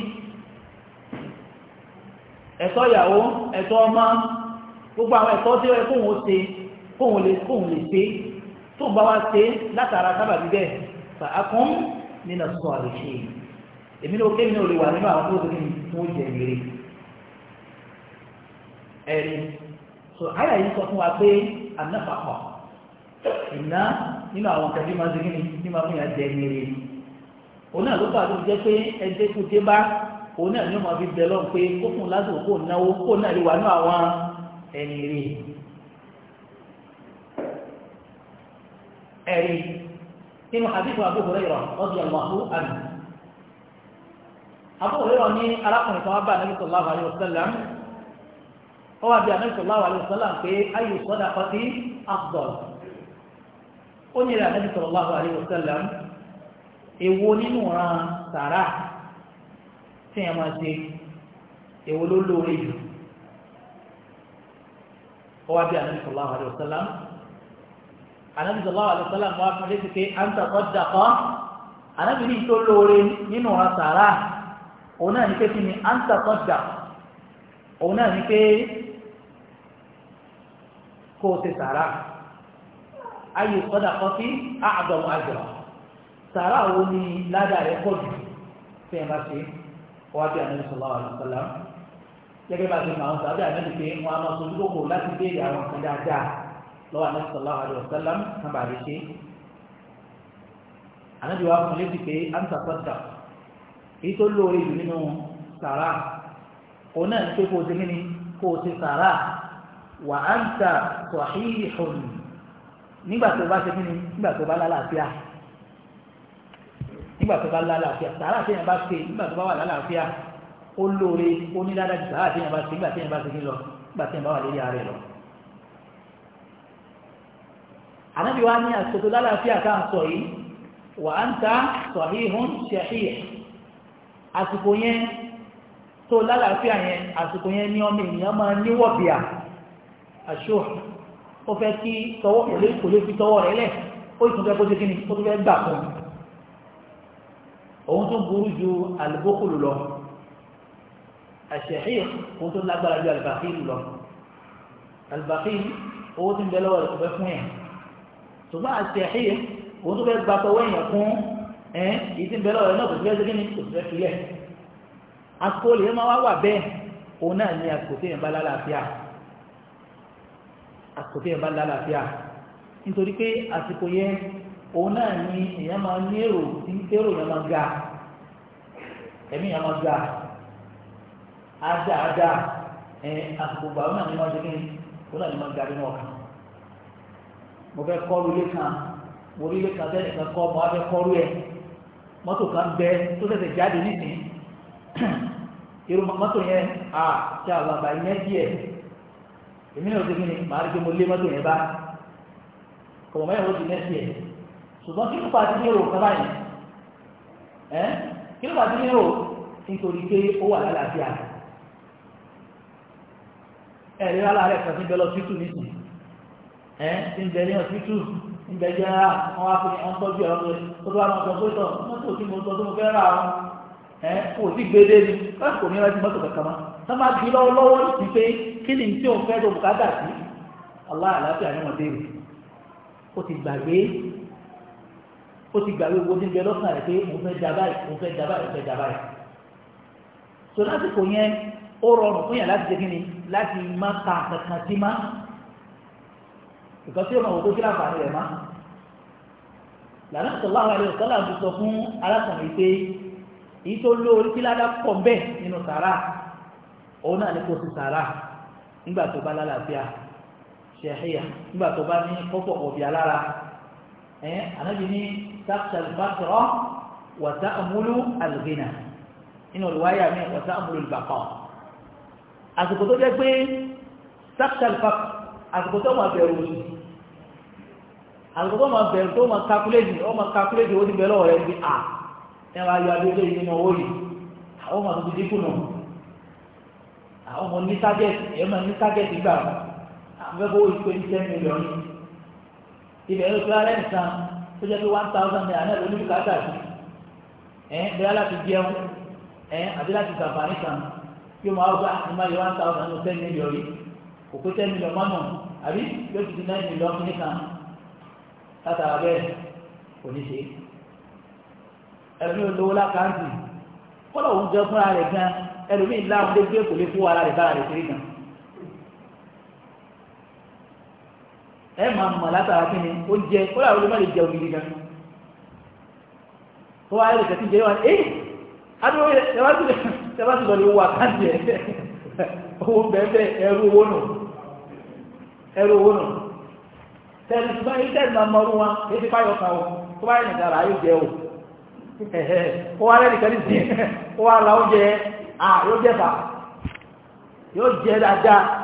ẹ̀tọ́ ìyàwó ẹ̀tọ́ ọmọ gbogbo àwọn ẹ̀tọ́ tí ó yẹ kóhun ó ṣe kóhun lè kóhun lè ṣe tó bá wá ṣe látara sábà bíbẹ̀ fà á kún nínú sọ àrèṣe èmi ní o kémi ní o lè wà nínú àwọn tó tóbi tó ń jẹ ìrè ẹ̀rí so àyà yìí sọ fún wa pé ànáfàkọ̀ ìná nínú àwọn kẹfí máa ń ṣe kí ni ní máa ń yà jẹ ìrè òun náà ló bá tó jẹ́ pé ẹdẹ kú dé bá òun náà ni ó máa fi bẹ̀ lọ́n pé kó fún lásìkò kó náwó kó náà lè wà ní àwọn ẹni rí ẹ̀rí nínú àdìsọ àbúkùrẹ́ ìrọ̀ ọdún ọ̀làhú àmì àbúkùrẹ́ ìrọ̀ ní arákùnrin kan wá bá Ànábì sallallahu alaihi wasallam ó wá bí Ànábì sallallahu alaihi wasallam pé ayyu sadaqati afdal ó ní Ànábì sallallahu alaihi wasallam ewu nínú ran sàrà tí ẹ máa ṣe èwo ló lóore ó wá bí anabi wa anabi sallallahu alayhi wa sallam fún létí pé à dàkọ́ anabi ní tó lóore nínú ran sàrà òun náà ní pé kí ni à dà òun náà ní pé kó o ṣe sàrà ayé sàárà wo ni ládà rẹ̀ pọ̀ jù fún ẹ̀ bá ṣe ọwọ́ bí anabi sallallahu alaihi wasallam gẹ́gẹ́ bá ṣe máa ń sàbí anabi pé wọn a máa sojú kòkò láti béèrè àwọn kan dáadáa lọ́wọ́ anabi sallallahu alaihi wasallam kan bá rí ṣe anabi wa fún létí pé à ń sàkọ́sà èyí tó lóore jù nínú sàárà òun náà ń pé kó o ti kíni kó o ti sàárà wà á ń ta sọ̀hí ìhùn nígbà tó bá ṣe kíni nígbà tó bá lálàáfíà nígbà tó bá lálàáfíà sàárà tí yẹn bá ṣe nígbà tó bá wà lálàáfíà ó lóore ó ní dáadáa ju sàárà tí yẹn bá ṣe nígbà tí yẹn bá ṣe kí lọ nígbà tí yẹn bá wà lórí ààrẹ lọ. ànábi wa ní àsòtò lálàáfíà tá à ń sọ yìí wà á ń ta sọ̀híhun ṣẹ̀híyẹ̀ àsìkò yẹn tó lálàáfíà yẹn àsìkò yẹn ní ọmọ ènìyàn máa níwọ̀bìà àṣọ ó fẹ́ kí tọwọ́ kò lè fi tọwọ́ rẹ̀ lẹ̀ ó ì òun tó burú ju alùbókòlù lọ àṣẹ̀hí òun tó lágbára ju alùbàkìlù lọ alùbàkìlù owó tí ń bẹ lọ́wọ́ rẹ̀ kò fẹ́ fún yẹn ṣùgbọ́n àṣẹ̀hí òun tó fẹ́ gba tọwọ́ yẹn fún ẹ̀ èyí tí ń bẹ lọ́wọ́ rẹ̀ náà kò fẹ́ ṣe kíni kò fẹ́ fi lẹ̀ akóòlù máa wá wà bẹ́ẹ̀ òun náà ní àkókò yẹn bá lálàáfíà àkókò yẹn bá lálàáfíà nítorí pé àsìkò yẹn òun náà ni èèyàn máa ní èrò tí ń tẹ́rò yẹn máa ga ẹ̀mí yẹn máa ga ada ada ẹ àsìkò gbà òun náà ni máa ṣe kíni òun náà ni máa ga nínú ọkàn mo fẹ́ kọ́ru ilé kan mo rí ilé kan tẹ́lẹ̀ kan kọ́ mo á fẹ́ kọ́ru ẹ̀ mọ́tò kan bẹ tó tẹ̀sẹ̀ jáde nísìnyí *clears throat* irú mọ́tò yẹn a ṣe àwọn àgbà yẹn díẹ̀ èmi náà ṣe kíni màá rí pé mo lé mọ́tò yẹn bá kọ̀mọ́ mẹ́rin ó ti nẹ́sì ẹ̀ ṣùgbọ́n kí ló fà ti lérò kan báyìí ẹ́ kí ló fà ti lérò nítorí pé ó wà lálàáfíà ẹ̀ rí rárá rẹ̀ kan síbẹ̀ lọ sí tù nísìn ẹ́ ti ń bẹ ní ọ̀sí tù ń bẹ jẹ́ rárá wọn wá fún ọ́n tọ́jú ọ̀rọ̀ rẹ̀ ó tó wá máa sọ pé tọ̀ mọ́tò tí mo sọ tó mo fẹ́ rà ọ́ ẹ́ kò sí gbédé ni láti kò ní rántí mọ́tò kankan mọ́ tó máa lọ́wọ́ lọ́wọ́ sí pé kí ni tí òun fẹ́ tó bùkátà sí aláàlá ó ti gbàgbé owó tí ń bẹ lọ́kàn rẹ̀ pé mo fẹ́ da mo fẹ́ da mo fẹ́ da báyìí so lásìkò yẹn ó rọrùn fún yàn láti ṣe ni láti má ta kankan sí má ìkànsí ọmọ òkú kíláà fàánù rẹ̀ má lànà sọlá àwọn ẹlẹ́yìn sọlá ti sọ fún alákùnrin pé èyí tó lóore kí ládàá pọ̀ bẹ́ẹ̀ nínú sàrà òun náà ní kó ti sàrà nígbà tó bá lálàáfíà ṣẹ̀híyà nígbà tó bá ní kọ́pọ̀ ọ̀bì alára ẹ̀ تخشى الفقر وتأمل الغنى inú riwaya mi وتأمل البقاء àsìkò tó jẹ́ pé تخشى الفقر àsìkò tó máa bẹ̀rù oṣù àsìkò tó máa bẹ̀rù tó máa calculate ó máa calculate ó ti bẹ̀rù ọ̀rẹ́ níbi à ẹ wá yọ abẹ́lé yìí nínú owó yìí àwọn ọmọ tuntun dínkù nù àwọn ọmọ ní target ẹ máa ní target gbà àwọn ẹgbẹ́ owó ìpè ní ten million ibẹ̀ ló fi ara ẹ̀ nìkan tó jẹ́ pé one thousand naira náà lórí bùkátà sí ẹ̀ bẹ́ẹ̀ láti jẹun ẹ̀ àbí láti sàǹfààní kan kí wọ́n máa gbà ní ah, máa yẹ one thousand ní ten million rí kò pé ten million mọ́nà àbí yóò ti di nine million ní kan látara bẹ́ẹ̀ kò ní ṣe ẹ̀mí olówó lákàntì kọ́lọ̀ òun jẹ́ fúnra rẹ̀ gan ẹlòmíì láwọn dé gbé kò lè fún ara rẹ̀ bára rẹ̀ kiri gan. ẹ máa mọ̀ látara kí ni ó jẹ ó lè jẹ gan ó wá jẹ wá lọ wà káàdì ẹ̀ owó owó nù owó nù tẹ̀lé ṣùgbọ́n máa wa ti fáyọ̀ kan o tó bá yẹn dára ayé jẹ o ó wá lẹ́nìí kẹ́lí sí ó wá la *laughs* oúnjẹ à yóò jẹ fà yóò jẹ dáadáa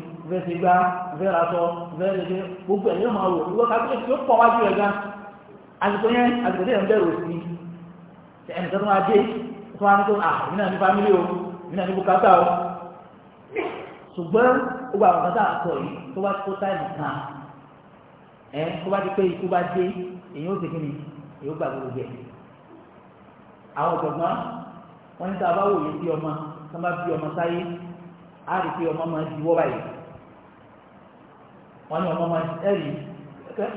fẹ́ ṣe gbá fẹ́ ra sọ fẹ́ ṣe ṣe gbogbo ẹ̀ yóò máa wò ìwọ kábíyèsí yóò pọ̀ wájú ẹ̀ gan àsìkò yẹn àsìkò tẹ̀yẹ̀ ń bẹ̀rù sí ẹnì kan tó máa dé tó máa ní tó à mí náà ní fámílì o mí náà ní bùkátà o ṣùgbọ́n gbogbo àwọn kan tá a sọ yìí tó bá tó táìmù kan ẹ tó bá ti pé ikú bá dé èyí ó ti kí ni èyí ó gbà gbogbo ẹ̀ àwọn ọ̀jọ̀gbọ́n wọn ní tá a bá wòye bí ọmọ tá a bá bí ọmọ sáyé á rí pé ọmọ máa wọ́n ní ọmọ máa ẹ̀rì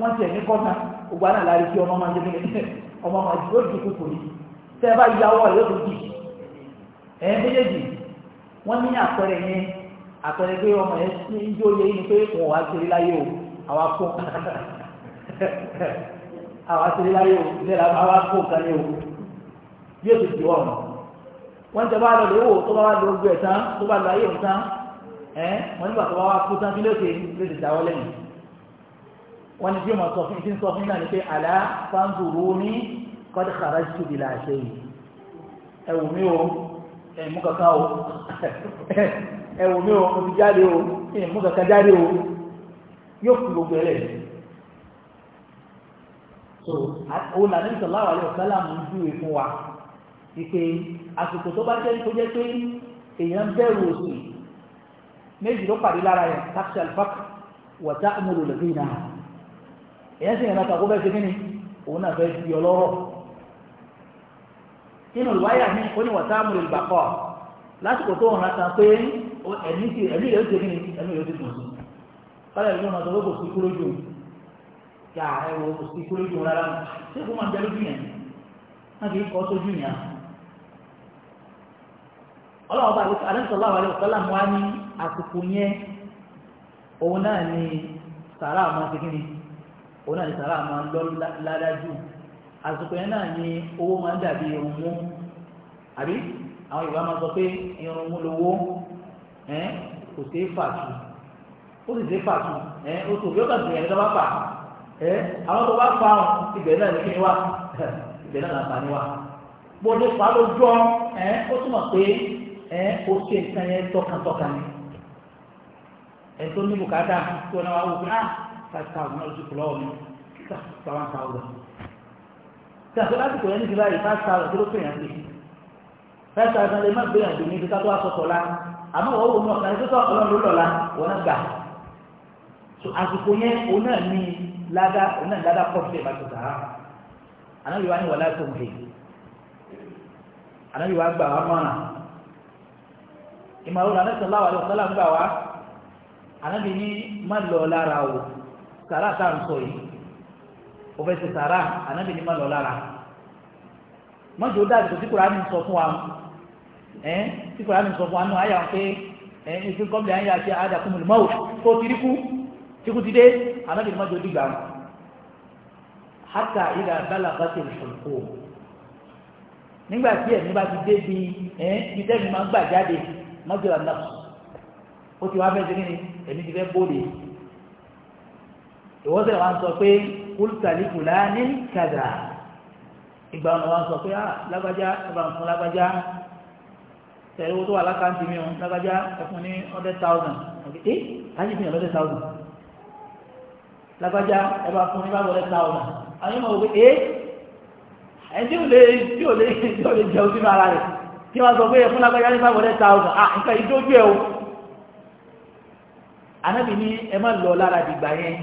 wọ́n ti ẹ̀mí kọ́ta gbogbo àná láàrin kí ọmọ máa jẹ́ kílẹ̀ *laughs* ọmọ máa jù ó di kúkú ni tẹ́ ẹ bá yà ọwọ́ rẹ̀ ó di ẹ̀ méjèèjì wọ́n ní àpẹẹrẹ yẹn àpẹẹrẹ pé ọmọ yẹn ti ń jó yẹ pé wọn wá ṣeré láyé o àwa kó *laughs* àwa ṣeré láyé o ìlera àwa kó nǹkan yẹ o yóò ti di ọ̀rọ̀ wọ́n ti bá lọ lówó tó bá lọ gbẹ̀ tán tó bá lọ ayé òun tán ẹ wọn nígbà tó bá wá kú tán kí ló ṣe ló ṣe dáwọ́ lẹ́yìn wọn ni bí o máa sọ fún ìdín sọ fún náà ni pé àlá fáńdùrú ní kọ́dí kàrájú bí la ṣe yìí ẹ mí o ẹ mú kankan o *laughs* ẹ mí o mo jáde o ẹ mú kankan jáde o yóò fi gbogbo ẹ so òun là ní sallallahu alaihi wasallam ń júwe fún wa ìpè àsìkò tó bá jẹ́ tó jẹ́ pé èèyàn bẹ̀rù òsì méjì ló pàdé lára yẹn taxi alfaq wọ̀tá amúlò lẹ́bí náà èyàn sì yẹn náà kàkó bẹ́ẹ̀ ṣe kíni òun náà fẹ́ di ọlọ́rọ̀ inú ìwáyà mi ó ní wọ̀tá amúlò ìbàkọ́ lásìkò tó hàn án pé ẹ̀mí ti ẹ̀mí rẹ̀ ó ṣe kíni ẹ̀mí rẹ̀ ó ti dùn sí kọ́lá ìlú ọmọ tó kò sí kúrò jù yà ẹ̀wọ̀ kò sí kúrò jù rárá ṣé kó máa bẹ lójú náà kì í kọ́ sójú yẹn ọlọ́wọ́ bá àlẹ́ sọ̀lá wà lẹ́wọ̀ sọ́lá àsìkò yẹn òun náà ni sàrà àmọ́ ti kí ni òun náà ni sàrà àmọ́ lọ ládájú àsìkò yẹn náà ni owó máa ń dàbí irun mú àbí àwọn Yorùbá máa sọ pé irun mú lowó kò sí fàtú ó sì sí fàtú ó tó yóò kàn gbìyànjú tó bá fà àwọn tó bá fà ọ ibẹ̀ náà ní kí ni wá *laughs* ibẹ̀ náà là ń fà ní wá bó o ní fà lójú ọ ó túmọ̀ pé ó ṣe nǹkan yẹn tọkàntọkàn ni ẹ̀ tó ní bùkátà tó náà wá wò pé ah five thousand náà ló ti kù lọ́wọ́ mi sá one thousand tí a sọ láti kò yẹn ní ti báyìí five thousand tó ló pè yàn dé five thousand lè má gbé yàn dé ní ibi ká tó ló lọ́la wọ́n náà gbà so àsìkò yẹn òun náà ní ládà òun náà ládà pọ̀ sí ìbátan sàrà anáyọ̀ wá ní wàlá tó ń hè anáyọ̀ wá gbà wá mọ́ràn ìmọ̀ àwọn ọ̀nà sọ̀lá wà lọ́sọ̀lá ń gbà wá ànábì ní má lọ lára o sàrà tá à sọ yìí o fẹ́ ṣe sàrà ànábì ní má lọ lára mọ́jọ́ ó dàbí tó tí Kùránì sọ fún wa ẹ́ tí Kùránì sọ fún wa náà àyà pé ẹ́ ìfín kọ́mìlì àyà àti àdàkùn mọ̀lùmọ́ọ̀ tó ti rí kú tíkú ti dé ànábì ní mọ́jọ́ ó dìgbà wọn hata ìdá balabati ìṣòro nígbà tí ẹ̀mí bá ti dé bi ẹ́ ìtẹ́mi máa ń gbà jáde mọ́jọ́ àdàkùn ó ti wá fẹ́ ṣe kíni èmi ti fẹ́ bóde ìwọ́sẹ̀ wa ń sọ pé kúlùtàlíkù láàní kàdà ìgbà wọn wa ń sọ pé á ah, lágbájá ẹ̀bà ń fún lágbájá tẹ̀lé owó tó wà lákàntì mi ò lágbájá ẹ̀fún ní hundred thousand ẹ̀ láti eh, fi hàn hundred thousand lágbájá ẹ̀bà fún ní five hundred thousand àwọn ọmọ òwe ẹ̀ ẹ̀ tí ò lè tí ò lè tí ò lè jẹun sínú ara rẹ̀ kí wọ́n sọ pé ẹ̀fún lágbájá ní five hundred thousand ah nǹkan ìdójú ẹ̀ o anábì ní ẹ má lọ lára dìgbà yẹn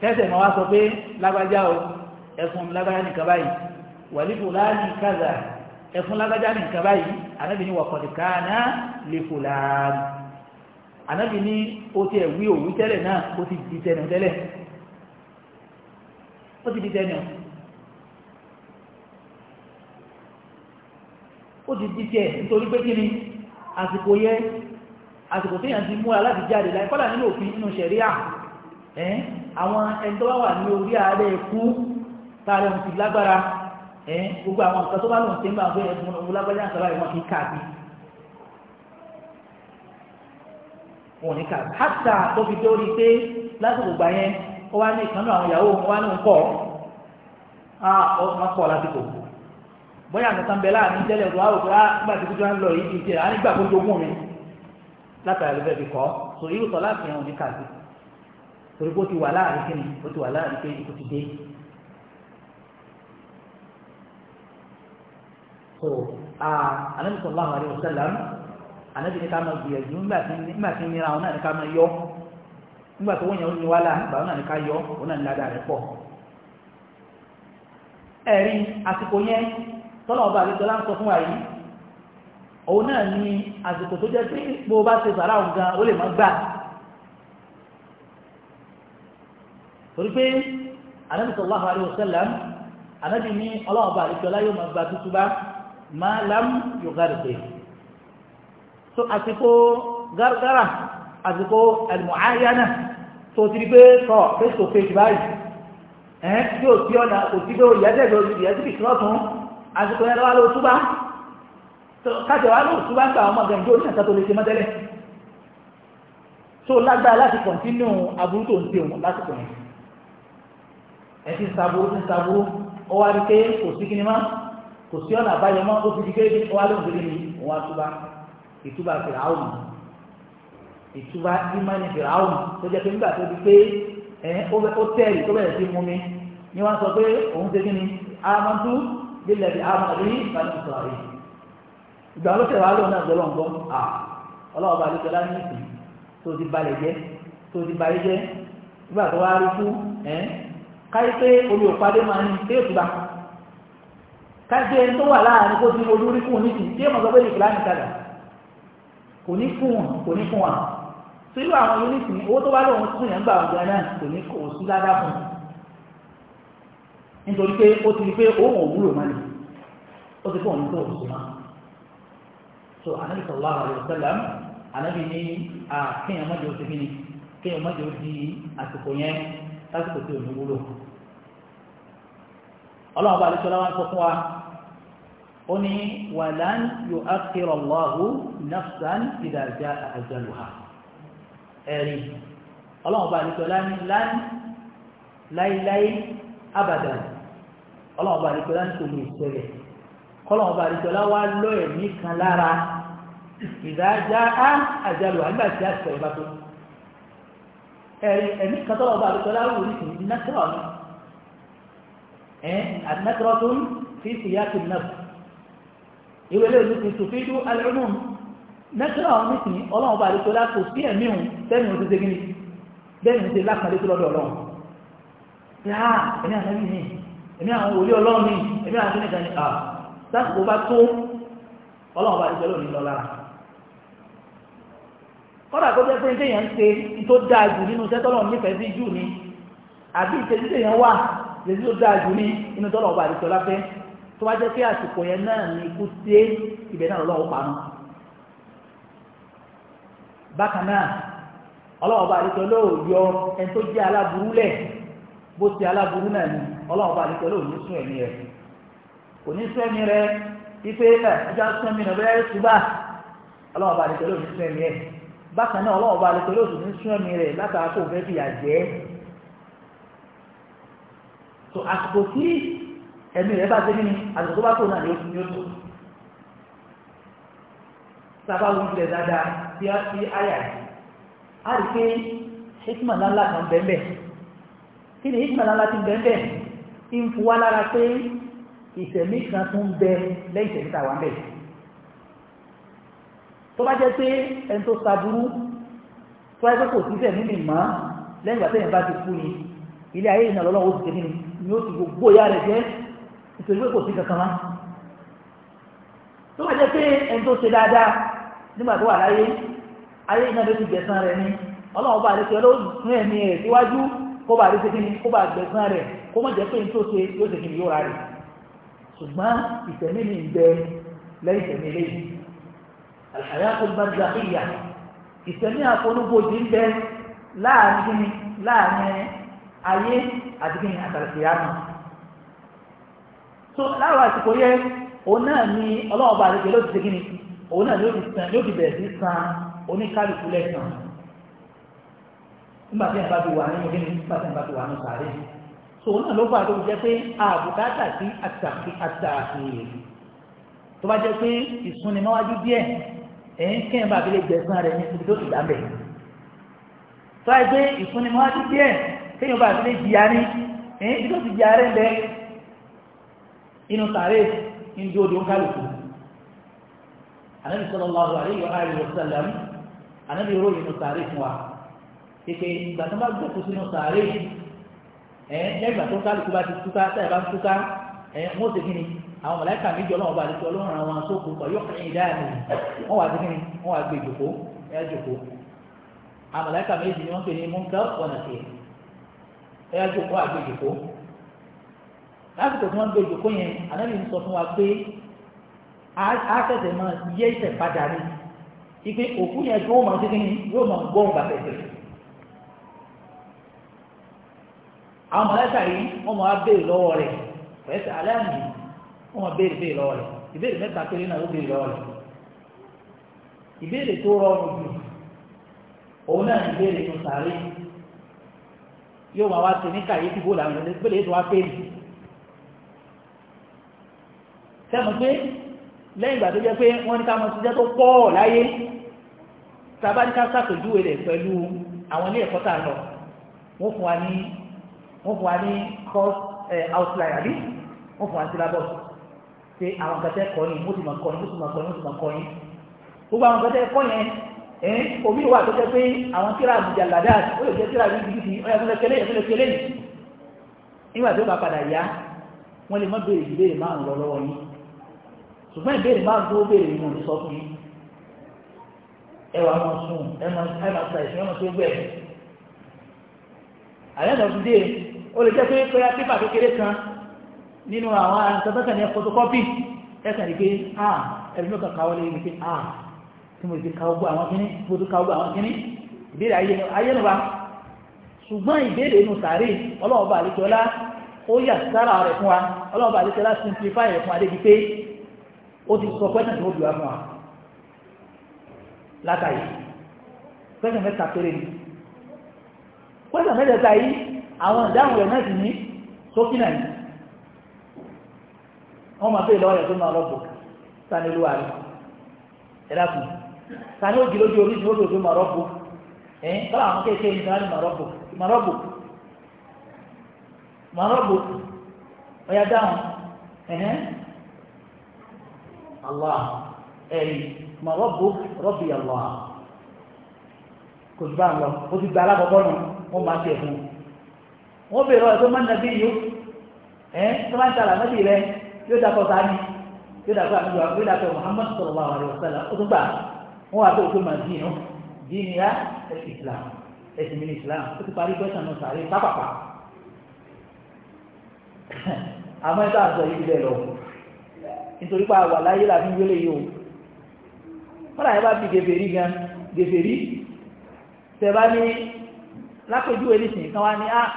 tẹ́sẹ̀ máa wá sọ pé lágbájá o ẹ̀fún lágbájá nìkan báyìí wàlífò láàrin kàzà ẹ̀fún lágbájá nìkan báyìí anábì ní wàkọ̀dìkà náà lè fò láàrin anábì ní ó ti ẹ̀wí òwú tẹ́lẹ̀ náà ó ti di tẹnu tẹ́lẹ̀ ó ti di tẹnu ó ti di tẹ́ nítorí pé kí ni àsìkò yẹ àsìkò tí yàn ti múra láti jáde láì kọ́lá nínú òfin nínú ṣẹ̀ríà ẹ́n àwọn ẹni tó bá wà ní orí ààrẹ ẹ̀kú tààrẹ òun ti lágbára ẹ́n gbogbo àwọn nǹkan tó bá lòun ti ń bá fún ẹ̀bùn òun lágbájá nǹkan báyìí wọn kì í kàbí wọn ní kàbí hátà tó fi dé orí pé lásìkò gbà yẹn ó wá ní ìkànnì àwọn ìyàwó wọn wá ní òun kọ́ ọ wọn kọ́ lásìkò bóyá nǹkan bẹ láàrin tẹ́lẹ̀ òdò àwòrán gbàtí látàrí bẹ́ẹ̀ fi kọ́ so irú sọ láti yẹn ò ní kàdí torí pé ó ti wà láàrin kí ó ti wà láàrin pé ikú ti dé so anabi sallallahu alayhi wa sallam anabi ní ká máa gbìyànjú nígbà tí nira òun náà ní ká máa yọ nígbà tó wọ́n yẹn ó ní wàhálà nígbà òun náà ní ká yọ òun náà ní ládàá rẹ̀ pọ̀ ẹ̀rí àsìkò yẹn tọ́lọ̀ ọba àdéjọ́lá ń sọ fún wa yìí òun náà ni àsìkò tó jẹ́ pé bó bá ṣe sàrá òun gan ó lè má gbà torí pé anábì sallallahu alaihi wasallam anábì ní ọlọ́ọ̀bà àríkọlá yóò so àsìkò gárgárà àsìkò ẹ̀lùmọ̀áyánà tó ti rí pé sọ face to face báyìí ẹ̀hẹ́n tí ó ti ọ̀nà kò sí pé ó yẹ́ tẹ̀lé ojú kájọ wa lóòtú bá gba àwọn ọmọ gàǹjọ oníṣẹ́ nǹkan tó lè ṣe mọ́tẹ́lẹ̀ tó lágbára láti kọ̀ntínú aburú tó ń ṣe òun lásìkò yẹn ẹ ti ń saburú ti ń saburú ó wá rí pé kò sí kíni mọ́ kò sí ọ̀nà àbáyọ mọ́ ó fi di pé ó wá lóòtú kíni òun àtúbà ìtúbà fìrà áwùn ìtúbà ìmánì fìrà áwùn tó jẹ́ pé nígbà tó di pé ó tẹ́ẹ̀rì tó bẹ̀rẹ̀ sí mú mi ni wọ́n sọ pé òun ṣe kíni amantu bí lẹ́bi amadu bani israeli ìgbà ọlọ́sẹ̀ wa lóun náà gbọ́lọ́ à ọlọ́wọ́ bá dúpẹ́ láti nìkú tó ti balẹ̀ jẹ́ tó ti balẹ̀ jẹ́ nígbà tó wá rí fún ẹ́ káyí pé omi òpadé máa ní téèpù bá káyí pé tó wà láàrin kó ti ojú tí èèmọ̀ sọ pé ìfìlà kò ní fún wọn kò ní fún wa tó irú àwọn yúnífì owó tó bá lóun fún yẹn gbà ọ̀gá náà kò ní kò sí fún nítorí pé ó ti rí pé òun ó ti fún òun tó so anabi sallallahu alayhi wa sallam anabi ní kéèyàn má jẹ́ oṣù kìíní kéèyàn má jẹ́ oṣù àsìkò yẹn lásìkò tí ò ní wúlò ọlọ́run bá alẹ́sọ́lá wá ń sọ fún wa ó ní walan yu'akhkhira Allahu nafsan idha ja'a ẹ̀rí ọlọ́run bá alẹ́sọ́lá ní láì láíláí abadan ọlọ́run bá alẹ́sọ́lá ní kò lè ṣẹlẹ̀ kọ́lọ́run bá alẹ́sọ́lá wá lọ́ kan lára ìdájá á àjálù àgbà tí a ti sọ̀rọ̀ bá tó ẹ̀mí katọ́lọ̀ bá àdúgbò láwùú ní kìí di nákírọ̀ ni ẹ̀ àdínákírọ̀ tó ń fi ìyá tó ń náà ìwé lè ní ti tòfídú alẹ́rú nákírọ̀ ní kìí ọlọ́run bá àdúgbò láwùú sí ẹ̀mí òun tẹ́mi òun ti ṣe gíní bẹ́ẹ̀ lápàdé tó lọ́dọ̀ ọlọ́run yáà ẹ̀mí àwọn ẹ̀mí kọ́dà tó jẹ́ pé ní téèyàn ń ṣe tó dáa jù nínú iṣẹ́ tọ́lọ̀ nífẹ̀ẹ́ sí jù ni àbí ìṣẹ́jú téèyàn wà lèyí tó dáa jù ní inú tọ́lọ̀ ọba àdìsọ lábẹ́ tó wá jẹ́ pé àsìkò yẹn náà ní ikú sí ibẹ̀ náà lọ́wọ́ pa náà bákan náà ọlọ́ọ̀bá àdìsọ lóò yọ ẹni tó jẹ́ aláburú lẹ̀ bó ti aláburú náà ni ọlọ́ọ̀bá àdìsọ lóò ní sún ẹ̀mí rẹ̀ kò ní sún ẹ̀mí rẹ̀ ife náà ẹja sún ẹ̀mí rẹ̀ bẹ́ẹ̀ ṣùgbà ọlọ́ọ̀bá àdìsọ lóò ní sún ẹ̀mí rẹ̀ bákan náà ọlọ́wọ́ bá lè pẹ̀lú òṣù ní súnmí rẹ̀ látara kó fẹ́ fìyà jẹ́ tó àsìkò tí ẹ̀mí rẹ̀ bá tẹ́mí àsìkò tó bá tó náà ni ó fi ní ó tó sábà wù ilẹ̀ dáadáa tí a fi àyà yìí a rí pé hikman ńlá kan bẹ́ẹ̀ kí ni hikman ńlá ti bẹ́ẹ̀ ń fún wa lára pé ìṣẹ̀mí kan tún bẹ lẹ́yìn ìṣẹ̀mí tàwa bẹ́ẹ̀ tó bá jẹ́ pé ẹni tó saburú tó ẹgbẹ́ kò sí fẹ̀mí mi mọ́ lẹ́yìn ìgbà tẹ́yìn bá ti kú ni ilé ayé ìnà lọ́lọ́wọ́ ti tẹ̀mí ni ó ti gbogbo ìyá rẹ̀ jẹ́ nítorí pé kò sí kankan mọ́ tó bá jẹ́ pé ẹni tó ṣe dáadáa nígbà tó wà láyé ayé ìnà ló ti gbẹ̀san rẹ̀ ni ọlọ́run bá rẹ̀ ṣe ọlọ́run ẹ̀mí ẹ̀ síwájú kó bá rẹ̀ ṣe kíni kó bá gbẹ̀san rẹ̀ kó mọ̀ jẹ́ pé ní tó ṣe yóò ṣe kíni yóò rà rẹ̀ ṣùgbọ́n ìtẹ̀mí mi ń bẹ lẹ́yìn ìtẹ̀mí lẹ́yìn alhayatu albarzakhiya ìsẹ̀mí àfonúbojì ń bẹ láàrin láàrin ayé àdìgún àtàlùfíàmù so láwọn àsìkò yẹ òun náà ni ọlọ́ọ̀bà àdìgún ló ti ṣe gíní òun náà ló ti bẹ̀rẹ̀ sí san oníkálukú lẹ́sàn nígbà tí ẹ̀ bá ti wà nínú gíní nígbà tí ẹ̀ bá ti wà nínú sàárè tòun náà ló fà tó jẹ́ pé àbùkátà sí àtàkì ẹ̀yìn kẹ́hìn bá abilé gbẹ̀sán rẹ̀ ní ibi tó ti dábẹ̀. tó a gbé ìfúnnimọ́ ti díẹ̀ kẹ́hìn bá abilé jìyà ní ẹ̀yìn ibi tó ti jìyà rẹ̀ bẹ́ inú sàárè ń di odò kálukú. ànábì sallallahu alaihi wa alihi wa sallam ànábì ró inú sàárè fún wa kéke ìgbà tó bá gbẹ̀kú sínú sàárè ẹ̀ lẹ́gbàá tó kálukú bá ti túká táyà bá ń túká ẹ̀ wọ́n àwọn mọ̀lẹ́kà méjì ọlọ́run bá àdìsí ọlọ́run àwọn asókù pọ̀ yóò kàn yín dáàmì wọ́n wà dídí wọ́n wà gbé jòkó ẹ jòkó àwọn mọ̀lẹ́kà méjì ni wọ́n pè ní múnkà wọ̀nà sí ẹ jòkó àgbé jòkó lásìkò tí wọ́n gbé jòkó yẹn ànábì ń sọ fún wa pé á tẹ̀sẹ̀ máa yé ìṣẹ̀ padà ní ipe òkú yẹn tó máa dídí yóò máa gbọ́ àwọn mọ̀lẹ́kà yìí wọ́n máa béèrè lọ́wọ́ rẹ̀ pẹ̀sẹ̀ aláàmì wọ́n béèrè béèrè lọ́wọ́ rẹ̀ ìbéèrè mẹ́ta péré náà ló béèrè lọ́wọ́ rẹ̀ ìbéèrè tó rọrùn jù òun náà ìbéèrè tó sàárè yóò máa wá sí ní kàyéfì bó làwọn ẹni pé lèyìn tó wá péré sẹ́mu pé lẹ́yìn ìgbà tó jẹ́ pé wọ́n ní ká mọ ṣiṣẹ́ tó pọ̀ láyé tabaríkà ṣàpèjúwe rẹ̀ pẹ̀lú àwọn ilé ẹ̀kọ́ tá a lọ wọ́n fún wa ní wọ́n fún wa ní course eh, outline àbí wọ́n fún wa ní syllabus pé àwọn kẹtẹ́ kọ́ ni mo ti mọ̀ kọ́ ni mo ti mọ̀ kọ́ ni mo ti mọ̀ kọ́ ni gbogbo àwọn kẹtẹ́ kọ́ yẹn ẹ̀ omi wà tó jẹ́ pé àwọn kíra àbújá ládàá ó lè jẹ́ kíra àbújá gidi ọ̀yà tó lè kẹlẹ́ yẹn tó lè kẹlẹ́ yìí nígbà tí ó bá padà yá wọ́n lè má béèrè ìbéèrè márùn lọ lọ́wọ́ yín ṣùgbọ́n ìbéèrè márùn tó béèrè nínú ní sọ fún yín ẹ wà máa sùn ẹ máa sa ìsìn ẹ máa tó gbẹ àyẹ̀dọ̀ fún dé o lè jẹ́ pé pé pépà kékeré kan nínú àwọn àǹtọ́tọ́tà ní photocopy ẹ̀kàn ní pé à ẹ̀rí ló kàkà wọlé ní pé à tí mo ti ka ogbó àwọn kíní mo ti ka ogbó àwọn kíní ìbéèrè ayélujára ṣùgbọ́n ìbéèrè inú sàárè ọlọ́ọ̀bà àlejòlá ó yà sára rẹ̀ fún wa ọlọ́ọ̀bà àlejòlá simplify rẹ̀ fún adébi pé ó ti sọ pẹ́sẹ̀ tó bìí wá fún wa látàyè pẹ́sẹ̀ mẹ́ta péré ni pẹ́sẹ̀ mẹ́tẹ̀ẹ̀ta yìí àwọn ìdáhùn wọ́n máa fẹ́ lọ́wọ́ yẹn tó máa rọ́bù sani olúwa rẹ̀ ẹ̀dá kù sani ó jìlójú orí tí ó tó tó máa rọ́bù ẹ̀ kọ́lá àwọn kéèké ní sani máa rọ́bù máa rọ́bù máa rọ́bù ọ̀yà dáhùn ẹ̀hẹ́n Allah ẹ̀yìn máa rọ́bù rọ́bì Allah kò jù bá ń lọ ó ti gba alákọ̀ọ́kọ́ nù wọ́n máa tẹ̀ fún un wọ́n bèèrè ọ̀rẹ́ tó máa ń nàbí yìí ẹ̀ tó ń ta àlàmẹ́bí yóò dàpọ̀ sáni yóò dàpọ̀ àti ìwà yóò dàpọ̀ Muhammad sallallahu alaihi wasallam ó tún gbà wọn wà tó o tó máa dín inú dín ní ya ẹsìn Islam ẹsìn mi ní Islam ó ti parí gbẹ́sàn náà sàárè pápápá àmọ́ ẹ sáà sọ yìí bẹ́ẹ̀ lọ nítorí pé àwà láyé làbí wọlé yìí o wọn làyẹ bá fi gèfèrí gan gèfèrí tẹ bá ní lápèjúwe nísìnyí kan wá ní á. Ah,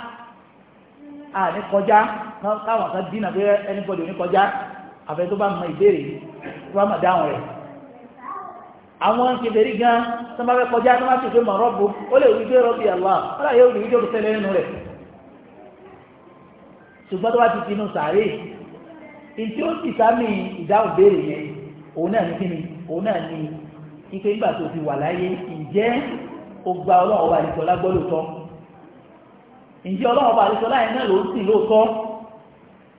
a ní kọjá káwọn kan dínà pé ẹnibọdì ò ní kọjá àfẹ́ tó bá mọ ìbéèrè tó bá mọ dáhùn rẹ̀ àwọn kèfèrí gan tó bá fẹ́ kọjá tó bá sì fẹ́ mọ̀ rọ́bù ó lè wí pé rọ́bì Allah ó láyé ó lè wí pé ó tẹ́lẹ̀ nínú rẹ̀ ṣùgbọ́n tó bá ti tinú sàárè ìtí ó sì sámi ìdáhùn béèrè yẹn òun náà ní kíni òun náà ní ike nígbà tó ti wà láyé ǹjẹ́ ó gba ọlọ́run wà nípa ọlágbọ́lótọ́ ǹjẹ́ ọlọ́wọ́ bá àríṣọ́lá ẹ̀ náà ló sì lóòtọ́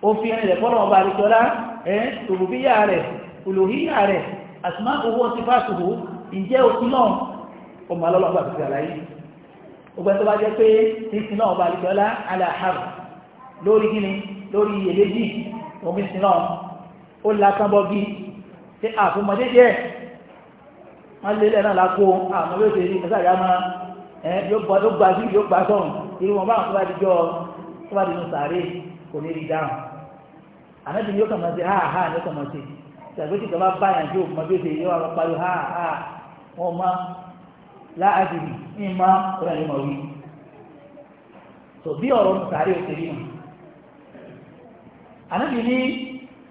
ó fi ẹni rẹ̀ fọ́lọ́wọ́ bá àríṣọ́lá ẹ̀ òrùbíyà rẹ̀ olùhíyà rẹ̀ àtìmá owó ti fásitì ǹjẹ́ òfin náà ọmọ alọ́lọ́gbà ti àlàyé ọgbẹ́ tó bá jẹ́ pé títí náà bá àríṣọ́lá aláhàrù lórí gíní lórí èléjì omi sí náà ó lásánbọ́gí tí àfúnmọdé jẹ́ wọ́n lé lẹ́ náà lákó àmọ́ yóò ṣe ní ẹ̀sà yóò gbà sí yóò gbà sọ́run irú wọn báwọn tó bá dijọ́ tó bá dinú sàárè kò ní rí dáhùn ànábì ni yóò kàn máa ṣe háà háà ni yóò kàn máa ṣe ṣàgbéjì kan bá báyà yóò mọ bí ó ṣe yóò àwọn pariwo háà háà wọn máa láàdìrì ní máa ọ̀rẹ́ ni mọ̀ wí tòbí ọ̀rọ̀ ń sàárè ó ṣe rí nù ànábì ní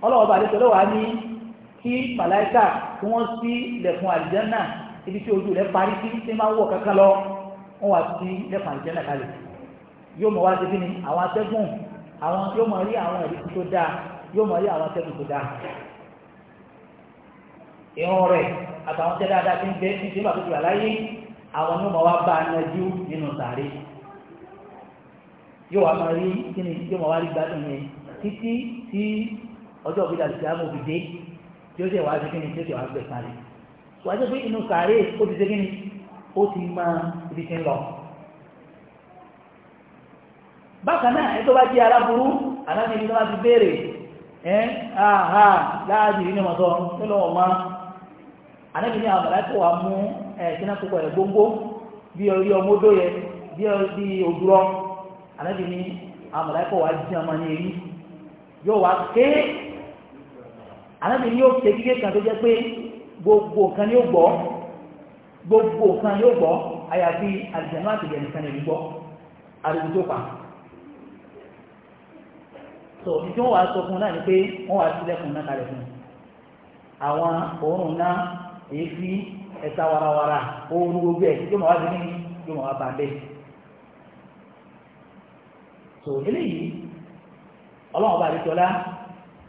ọlọ́wọ́ bá àdé tọ́lọ́ wà ní kí màláìkà kí wọ́n sí lẹ̀kùn àlìjẹ́nà ibi tí ojú rẹ̀ parí sí ṣé máa wọ̀ kankan lọ wọ́n wà sí lẹ̀kùn àlìjẹ́nà kalẹ̀ yóò mọ̀ wá sí kí ni àwọn atẹ́gùn àwọn yóò mọ̀ rí àwọn ìrísí tó dáa yóò mọ̀ rí àwọn atẹ́gùn tó dáa ìrún rẹ̀ àtàwọn tẹ́ dáadáa ti ń bẹ ní ìgbà tó ti wà láyé àwọn yóò mọ̀ wá bá anájú nínú sàárè yóò wá máa rí kí ni yóò mọ̀ wá rí gbádùn yẹn títí tí ọjọ́ òbí dàbí sàmù òbí tí ó sì wá sí kí ni tí ó sì wá gbẹ̀sán rẹ̀ wájú pé inú sàárè ó ti ṣe kí ni ó ti máa ibi tí ń lọ bákan náà ẹ tó bá jẹ́ aláburú alámìnirin wá ti béèrè ẹ́ àhà láàájì nínú ọ̀sọ́ nílò ọmọ anábìnrin àwọn mọ̀láìkọ̀ wà mú ẹ̀ẹ́sìnà púpọ̀ ẹ̀ gbóngbó bí orí ọmọ odó yẹ bí orí òdúrọ anábìnrin àwọn mọ̀láìkọ̀ wà jí ọmọ ní èyí yóò wá ké anábìnrin yóò ké kíké kan tó jẹ́ pé gbogbo kan yóò gbọ́ gbogbo kan yóò gbọ́ àyàfi àlìjẹ̀nú àtìjẹ̀ nìkan lè gbọ́ àdúgbò tó pa so ní tí wọ́n wá sọ fún náà ni pé wọ́n wá sílẹ̀kùn náà kalẹ̀ fún àwọn òórùn náà èéfì ẹ̀ta warawara ooru gbogbo ẹ̀ yóò máa wá sí ní yóò máa wá bá bẹ́ẹ̀ so eléyìí ọlọ́run bá àdìsọ́lá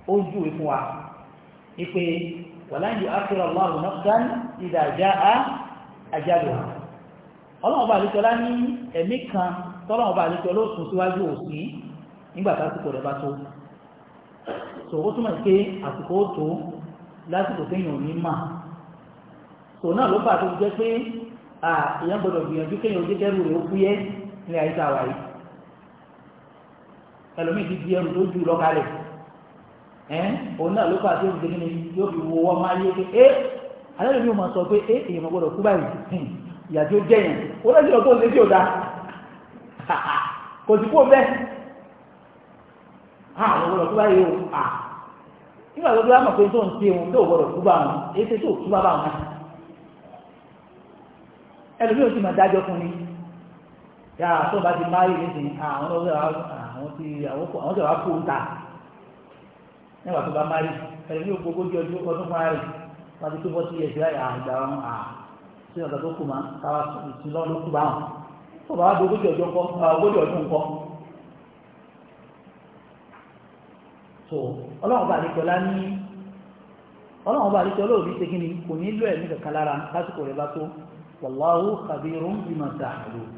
ó ń júwe fún wa ipe wàlá yìí ákérò ọlọ́run nọ́kàn ìdá àjá á àjálù wa ọlọ́run bá àdìsọ́lá ní ẹ̀mí kan tọ́lọ́run bá àdìsọ́lá ó sùn síwájú òsì nígbà tásìkò rẹ̀ bá tó so ó túnmọ̀ pé àsìkò ó tó lásìkò téèyàn ò ní mà so náà ló fà tó jẹ́ pé èèyàn gbọ́dọ̀ gbìyànjú kéèyàn ojú kẹrù rẹ̀ ó kú yẹ́ ní àyíká wa yìí ẹlòmíì ti di ẹrù tó ju lọ́kalẹ̀ ẹ̀ òun náà ló fà tó fi dénú yóò fi wo wọ́n máa yé pé ẹ́ alẹ́ lómi ò máa sọ pé ẹ́ èèyàn gbọ́dọ̀ kú báyìí ìyà tí ó jẹ́yàn ó lọ́jọ́ tó ń lé tí ò dáa *laughs* kò sí kó bẹ́ẹ̀ àwọn ọgbọ́dọ̀ tó bá yẹ o à nígbà tó bá mọ̀ pé tó ń ṣe òun tó gbọ́dọ̀ túbà wọn èyí tó túbà bá wọn ẹlòmíì ò sì máa dájọ́ fún ni yà tó bá ti máa yé nísìnyí àwọn ọgbọ́dọ̀ àwọn ti àwọn ti wà kó ń ta nígbà tó bá máa rí ẹlòmíì ò gbogbo jọjú ọdún máa rí wọn ti tó bọ́ sí ẹ̀sìn láyà àgbà wọn à sí ọ̀dọ̀ tó kù máa káwá sí lọ́ọ́ ló wọn tó bá wà gbogbo jọjú ọdún so ọlọ́run bá àdékọ́lá ní ọlọ́run bá àdékọ́lá òbí ṣe kíni kò ní lọ ẹ̀mí kankan lára lásìkò rẹ̀ bá tó wallahu khabirun bima ta'malun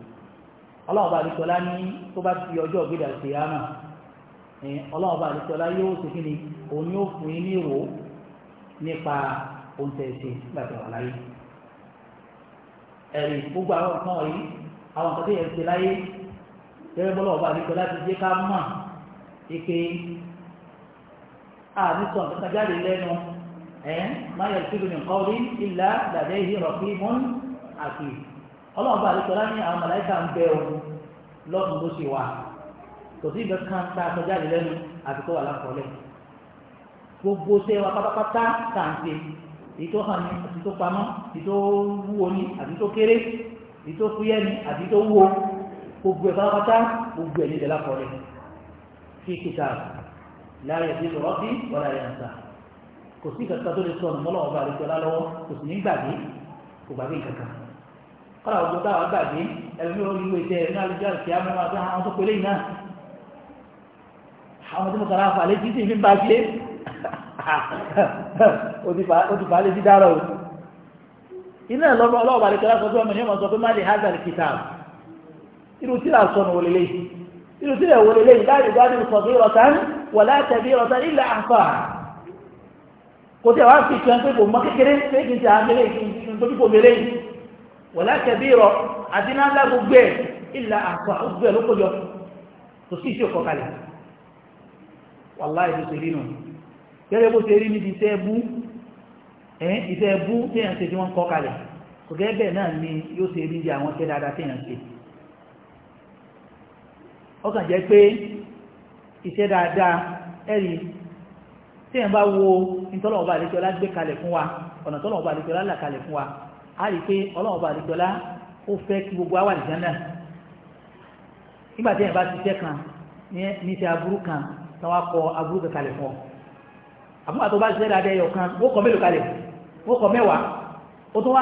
ọlọ́run bá àdékọ́lá ní tó bá ti ọjọ́ ògbédà ṣe á náà ọlọ́run bá àdékọ́lá yóò ṣe kíni òun yóò fún yín ní ìrò nípa ohun tẹ̀ ṣe gbàgbà láyé ẹ̀rì gbogbo àwọn kan yìí àwọn kan tó yẹ ṣe láyé gẹ́gẹ́ bọ́lọ́run àdìsọ̀ ah, nǹkan jáde lẹ́nu ẹ̀ máyà ìṣirò ní kọ́rí ìlà làdéhì rọ̀kìmún àti ọlọ́ọ̀bá àdìsọ̀lá ní àwọn màláìka ń bẹ ohun lọ́dún ló ṣe wà kò sí ìgbà kan tá a sọ jáde lẹ́nu àti tó wà lákọọ́lẹ̀ gbogbo ṣe wa pátápátá kàǹtì èyí tó hàn ní àti tó pamọ́ èyí wúwo ní àti tó kéré èyí fúyẹ́ ní àti tó wúwo gbogbo ẹ̀ pátápátá gbogbo ẹ̀ ní ìdẹ́lákọọ́lẹ̀ fi kìtà láàyè sí rọ́bì wọ́n láyé ń sá kò sí kankan tó lè sọ ọ̀nà mọ́lọ́wọ́ bá àlejò lálọ́wọ́ kò sì ní gbàgbé kò gbàgbé kankan kọ́lá ọ̀gbọ́n táwọn gbàgbé ẹ̀mí orí ìwé tẹ ẹ̀mí àlejò àti àmọ́ àti àwọn tó pélé iná àwọn tó mọ̀ kára fà létí sí ìfín bá gbé *laughs* ó ti fà á létí dára o iná lọ́wọ́ ọlọ́wọ́ bá àlejò lásán tó ọmọ ní wala kabiratan illa ahsaha kò tí a wá fi kan pé kò mọ kékeré pé kì í ti àmìlẹ̀ ìkìntì tó bí kò mẹ́lẹ̀ yìí wala kabira àti náà ńlá gbogbo ẹ̀ illa ahsaha gbogbo ẹ̀ ló kọjọ kò sí ìṣe ọkọ̀ kalẹ̀ wallahi ìlú ṣe rí kalẹ̀ iṣẹ́ dáadáa ẹ̀rí tí ẹ̀ bá wo ìtọ́lọ̀ọ̀bà àdéjọ́lá gbé kalẹ̀ fún wa ọ̀nà tọ́lọ̀ọ̀bà àdéjọ́lá là kalẹ̀ fún wa a rí pé ọlọ́ọ̀bà àdéjọ́lá ó fẹ́ kí gbogbo wa wà ní nígbà tí ẹ̀ bá ṣiṣẹ́ kan ní ti aburú kan tí wọ́n kọ aburú kalẹ̀ fún ọ àbúrò àti ọba ṣiṣẹ́ dáadáa kan ó kọ mélòó kalẹ̀ ó kọ mẹ́wàá ó tún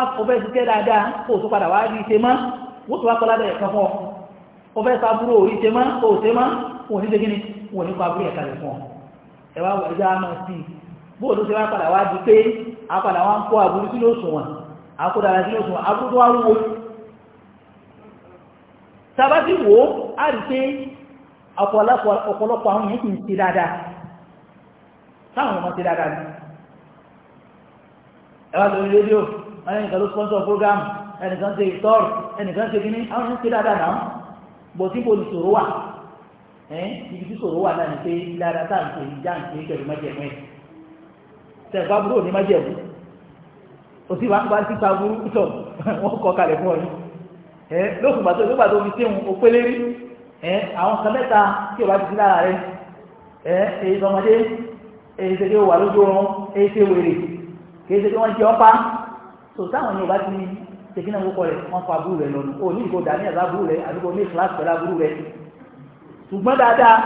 wá fẹ́ wọn nípa abúlé ẹ̀ka lè fún ọ ẹ wá wọlé dáa máa sí i bóò ló ṣe wá padà wá di pé apàdà wá ń kó aburú sí lóṣù wọn akódàlà sí lóṣù wọn aburú tó wá wúwo sábàtì wò ó á rí pé ọ̀pọ̀lọpọ̀ àwọn yẹn kì í ṣe dáadáa táwọn ọmọ ṣe dáadáa ni ẹ wá lórí rédíò wọn ní ìkàlù sponsor program ẹnìkan ṣe ìtọ́rù ẹnìkan ṣe kíní àwọn yẹn ṣe dáadáa náà bọ̀ tí kò ní ṣòro wà ibi tí sòrò wà náà ni pé dáadáa tá à ń pè ní já ń pè pẹ̀lú májẹ̀mú ẹ̀ tẹ̀gbá burú ò ní májẹ̀mú òsì wà ń gba títa burú tọ̀ *laughs* wọ́n kọ́ kalẹ̀ fún ọ ní lóṣù gbàtó lóṣù gbàtó omi téwọn òpélé rí àwọn kan mẹ́ta tí o bá ti sí lára rẹ èyí sọmọdé èyí ṣe pé wà lójú oorun èyí ṣe wèrè èyí ṣe pé wọ́n jẹ ọ́pá tò táwọn ni o bá ti ṣe kí náà wọ́pọ̀ rẹ̀ wọ́n fa burú rẹ̀ lọ́nu o ní ìkó ṣùgbọ́n dáadáa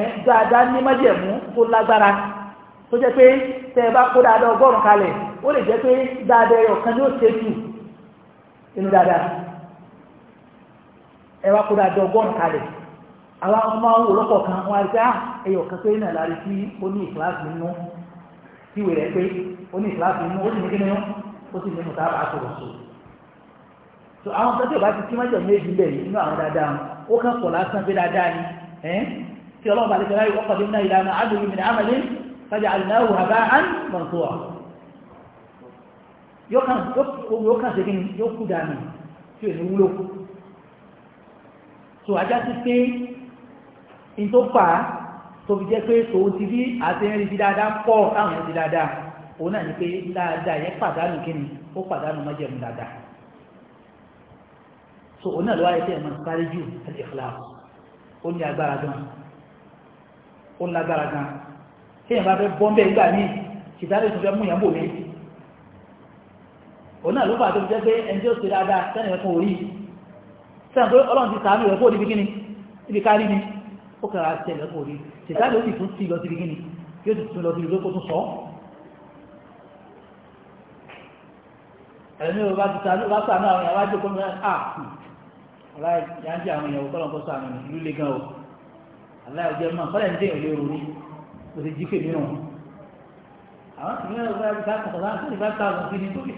ẹ̀ dáadáa ní májẹ̀mú tó lágbára tó jẹ́ pé tẹ́ bá kó dáadáa ọgọ́rùn kalẹ̀ ó lè jẹ́ pé dáadáa ẹyọ kan yóò ṣe jù inú dáadáa ẹ kó dáadáa ọgọ́rùn kalẹ̀ àwọn ọmọ owó kan wọ́n rí ah, kan pé náà lárí sí ìkíláàsì nínú pé ìkíláàsì nínú ó sì ó kàn pọ̀ lásán pé dáadáa ni tí ọlọ́run bá lè tẹ̀lé ọkọ̀ bí náà ìlànà àdùnú mi ní àmàlẹ́ sájà àdìnáwò àbá án mọ̀tòwà yóò kàn ṣe kí ni yóò kú dànù tí ò ní wúlò so ajá sí pé in tó fà á tó fi jẹ́ pé tòun ti bí àti ti dáadáa pọ̀ káwọn ẹ̀rí ti dáadáa òun náà ni pé dáadáa yẹn pàdánù kí ó pàdánù májẹ̀mú dáadáa so òun náà ló wáyé tẹ́ ẹ̀mọ́ sáré jù al-ikhlas ó ní agbára gan ó lágbára gan tẹ́yìn bá fẹ́ bọ́m̀bẹ́ ìgbà ní ìtàrí ìtúnfẹ́ mú ìyàmbò mi òun náà ló fà tó jẹ́ pé ẹni tí ó ṣe dáadáa sẹ́ni ẹ̀kọ́ orí sẹ́ni pé ọlọ́run ti sàánú ẹ̀kọ́ òdìbí kíni níbi kárí ni ó kẹra sẹ́ni ẹ̀kọ́ orí ìtàrí ó sì tún sí lọ síbi kíni yóò sì tún lọ síbi lóko tún sọ ẹ̀mí ò bá ti sàánú àwọn ìyàwó àjọkọ́ mi aláì yanjú àwọn èèyàn kọ́lọ̀ kó sàmì ìlú lé gan o aláì ọjọ́ mọ́ kọ́lẹ̀ ní èèyàn lérò ní kò sì jíkè mìíràn àwọn ìpínlẹ̀ ọ̀gá ìgbà kọ̀ọ̀kan láti ní bá tààrùn sí ní tóbi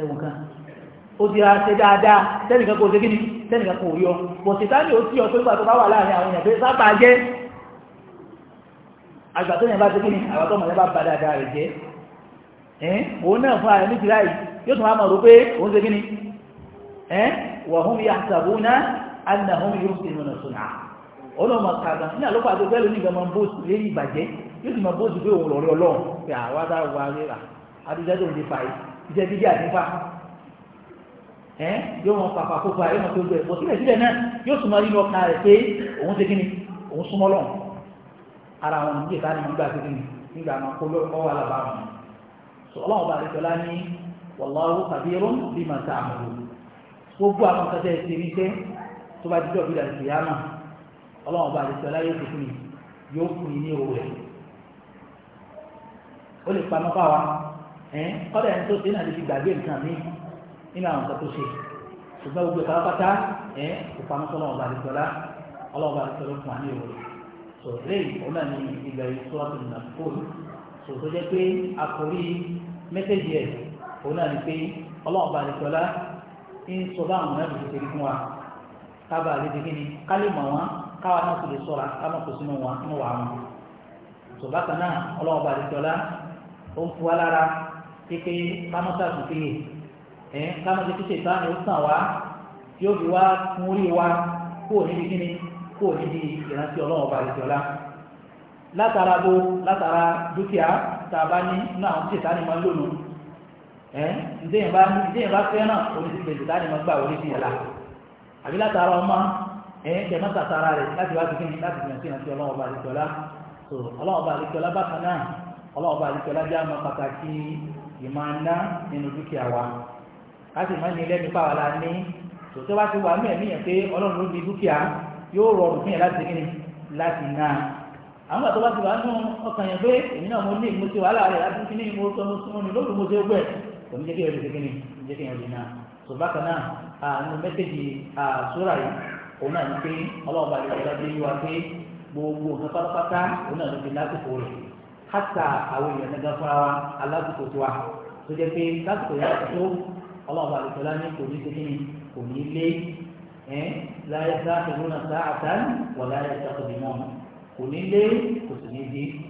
ẹ̀wọ̀n kan ó ti ra ṣe dáadáa tẹ́nìkan kò ṣe kí ni tẹ́nìkan kò yọ bọ̀ sìtáni ó tí ọ pé gbàtọ́ bá wà láàrin àwọn èèyàn pé sábà jẹ́ àgbà tó yẹn bá ṣe kí ni àwọn tó mọ̀lẹ́ bá ba dáadáa rẹ̀ jẹ́ ẹ̀ òun náà fún ààrẹ ní tìráyì yóò tún wá mọ̀ rò pé òun ṣe kí ni ẹ̀ wọ̀hún yahsabuna annahum yuhsinuna sun'a ọlọ́mọ kàgbà ní àlọ́kọ̀ àti ọgbẹ́ yóò sì òun lọ́rẹ́ ọlọ́run pé àwa dá tó ń di fa yìí àdínfà yóò wọn pàpà wọn tó gbẹ náà yóò ọkàn rẹ̀ pé òun ṣe kíni òun súnmọ́ lọ́run ara wọn níbi ìta ni kíni nígbà máa kó gbogbo àwọn kẹsẹ̀ ẹ̀ tèmi tẹ́ tó bá dídọ̀ bíi àti ìyá náà ọlọ́run bá àdìsí ọlá yóò fún mi yóò fún mi ní owó rẹ̀ ó lè wa ẹ̀ẹ́n kọ́dà ẹni tó ṣe náà lè fi gbàgbé nǹkan mi nínú àwọn nǹkan tó ṣe ṣùgbọ́n gbogbo ìpamọ́pátá ẹ̀ẹ́n kò bá àdìsí ń sọ bá àwọn mọ̀lẹ́bí ti tẹ̀lé fún wa kábà lè di kíni ká lè mọ̀ wọn káwa náà sì lè sọ̀ra ká má kó sínú wọn nínú wàá wọn. sọ̀bá kan náà ọlọ́wọ́ bá àdìjọ lá ó ń fu wa lára pípé kámọ́sá tó fi yè ẹ̀ kámọ́sá tó ṣe ìtàn ó tàn wá yóò fi wá fún orí wa kó o níbi kíni kó o níbi ìrántí ọlọ́wọ́ bá àdìjọ lá látara bo látara dúkìá tá ní náà ó ṣètàn ní máa lónìí ẹ ntẹ̀yìn bá ntẹ̀yìn bá fẹ́ náà omi ti gbèsè láti máa gbà wọlé sí la àbí látara ọmọ ẹ tàtara láti wá sí ìrántí ọlọ́wọ́ bá àdìsọ́lá ọlọ́wọ́ bá àdìsọ́lá náà ọlọ́wọ́ bá àdìsọ́lá pàtàkì wa la ní bá ti wà ẹ̀mí yẹn pé ọlọ́run ló dúkìá yóò rọrùn fún yẹn láti láti ná àwọn ti wà ọkàn yẹn pé èmi náà mo ní wàhálà rẹ̀ láti kò ní jẹ́ kí èèyàn lè ṣe jẹ́ kí èèyàn lè náà tó bákan náà àwọn mẹ́sẹ̀gì àsúrà yìí òun náà ní pé ọlọ́run bá lè wọlé dé yíwa pé gbogbo nǹkan pátápátá òun náà ló fi lásìkò rẹ̀ hátà àwọn èèyàn nígbà fúnra wa alásìkò tó wa tó jẹ́ pé lásìkò yẹn tó ọlọ́run bá lè tọ́lá ní kò ní ṣe kí ni kò ní lé láyé láyé sáfìmúnà kò ní lé kò sì di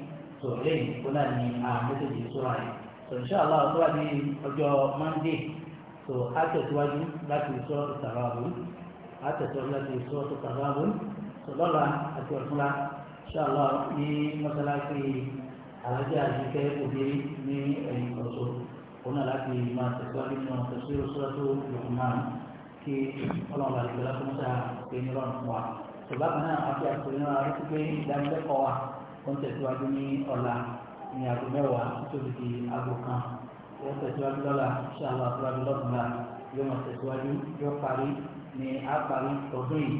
sọ̀rọ̀ so inshallah tó wá di ọjọ́ monday so a tẹ̀síwájú láti sọ ìtàwáwò a tẹ̀síwájú láti sọ ìtàwáwò so lọ́la àti ọ̀túnla inshallah ní mọ́sálásí alájà àdìkẹ́ òbírí ní ẹ̀yìn ọ̀ṣọ́ òun náà láti máa tẹ̀síwájú nínú tẹ̀síwájú sọ́dọ̀ lọ́kùnmáà kí ọlọ́run àti ìgbàlá fún sáà pé ní ọlọ́run fún wa ṣùgbọ́n kan náà àti àkùrẹ́ náà rí pé ìdánilẹ́kọ̀ọ́ wa ní ọ̀la ní aago mẹ́wàá tóbi di aago kan yóò tẹ̀síwájú lọ́la ṣáàlú àtúwájú lọ́tùnla yóò máa tẹ̀síwájú yóò parí ní àparí ọdún yìí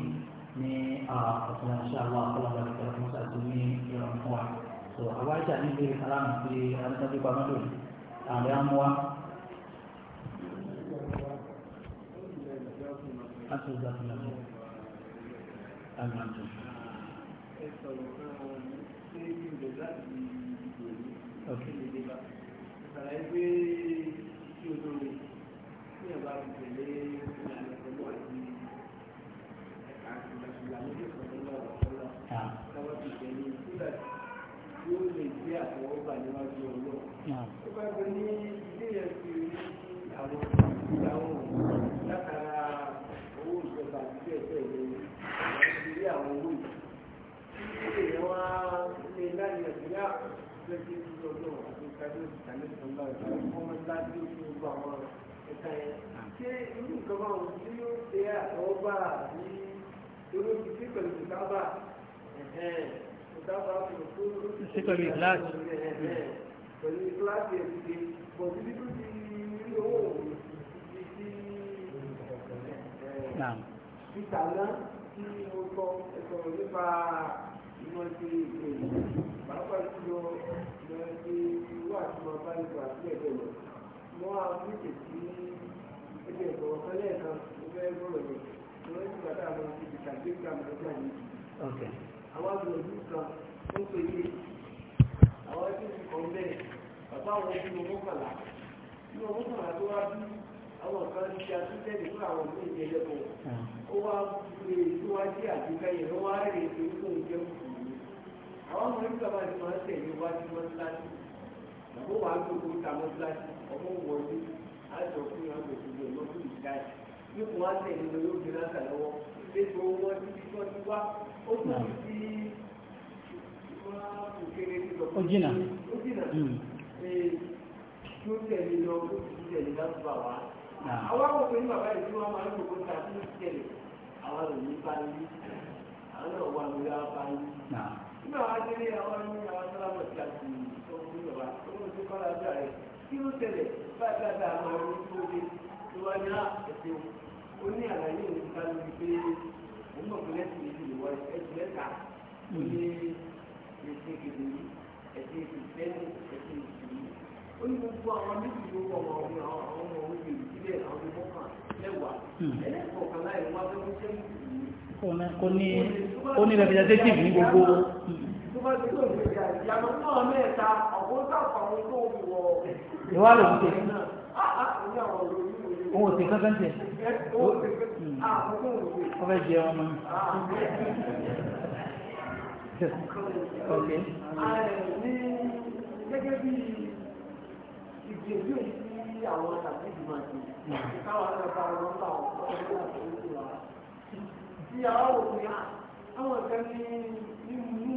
ní ọ̀sán ṣáàlú àkọlọ́gbà ìjọba fún ṣáàtú ní ìrọ̀rùn fún wa. tó àwa ìjà níbi aláàmù sí adétọ́jú pamọ́dọ̀ àlẹ́ àmúwá. láti ìgbà ṣàlàyé pé kí o tó lè ní ọba ìtẹ̀lé ìlànà ìtọ́jú àti ẹ̀ka ìgbàsílàmù tó sọ̀rọ̀ lọ́wọ́ ọ̀la lọ́wọ́ ti tẹ̀lé nígbà yóò lè gbé àtọwọ́gbà níwájú ọlọ́ọ̀. ó bá gbé ní ṣé irú nǹkan bá wọn tí yóò ṣe àtọwọ́gbà ní irú ti ṣe pẹ̀lú ìdábà ìdábà pẹ̀lú ṣe pẹ̀lú ìkíláàsì pẹ̀lú ìkíláàsì ẹ̀dìdì bọ̀ bí tó ti rí owó ti ti títà náà tí mo kọ ẹ̀kọ́ nípa ìmọ̀ ti èyí pàápàá jùlọ ìmọ̀ ti àti máa bá ìgbà àti ẹ̀jẹ̀ lọ mọ́ àwọn ìpè tí ẹgbẹ́ ìgbọ̀wọ́ kan lẹ́ẹ̀kan tó fẹ́ gbọ́rọ̀ yẹn tó ń gbà tá a máa fi ìgbà gbé gbà máa gbà yìí. àwọn agbègbè kan ń pè é àwọn ẹgbẹ́ ti kàn bẹ́ẹ̀ bàbá àwọn ẹbí mo mọ́kànlá ọmọ ìyẹn lẹ́kọ̀ọ́ ó wá lè tó ó wà á dúró kóríta mọ́tíláṣí ọmọ wọlé àjọ fún yàrá òṣèlú ọmọ fún ìdá ẹ̀ ní kò wá tẹ̀ nínú yóò gbé láta lọ́wọ́ ètò wọn títí tó ti wá ó tún ti wá òkèrè nílọ. ó jìnà ó jìnà tí hmm. ó tẹ̀lé lọ ó ti tẹ̀lé láti bà wá. àwọn àwọn òpin bàbá yìí tí wọ́n máa ń lò kó ta fún ìtẹ̀lé àwọn òní bá ń yí àwọn náà wà lórí àwọn bá ń nígbà wá délé àwọn ní àwọn sálámọ̀ tí kọ́ra ọjọ́ rẹ̀ kí ló tẹ̀lé bá dáadáa àwọn ẹ̀rọ tó lé tó wá ní ẹ̀sẹ̀ o ní àlàyé òun ká lórí pé òun mọ̀ pé lẹ́sìn èdè ìwọ ẹ̀sìn mẹ́ta ó ní ẹ̀sìn èdè yìí ẹ̀sìn ìfẹ́ni ẹ̀sìn ìfìlú ó ní gbogbo àwọn méjì tó kọ̀ ọmọ ọmọ àwọn ọmọ ìbílẹ̀ àwọn ọmọ kan lẹ́wàá hmm. ẹlẹ́kọ̀ọ̀kan láì wá fẹ́ ìwà ló ń tẹ òun kankan tẹ ọ jẹ ọmọ ọ̀lẹ́. gẹ́gẹ́ bí ìgbìyànjú èyí tí àwọn tàbí ìgbìmọ̀ àti káwọn ọ̀gá ọ̀rọ̀ ń bá ọ̀rọ̀ láti orí wa tí àwọn òkè àwọn ìkànnì nínú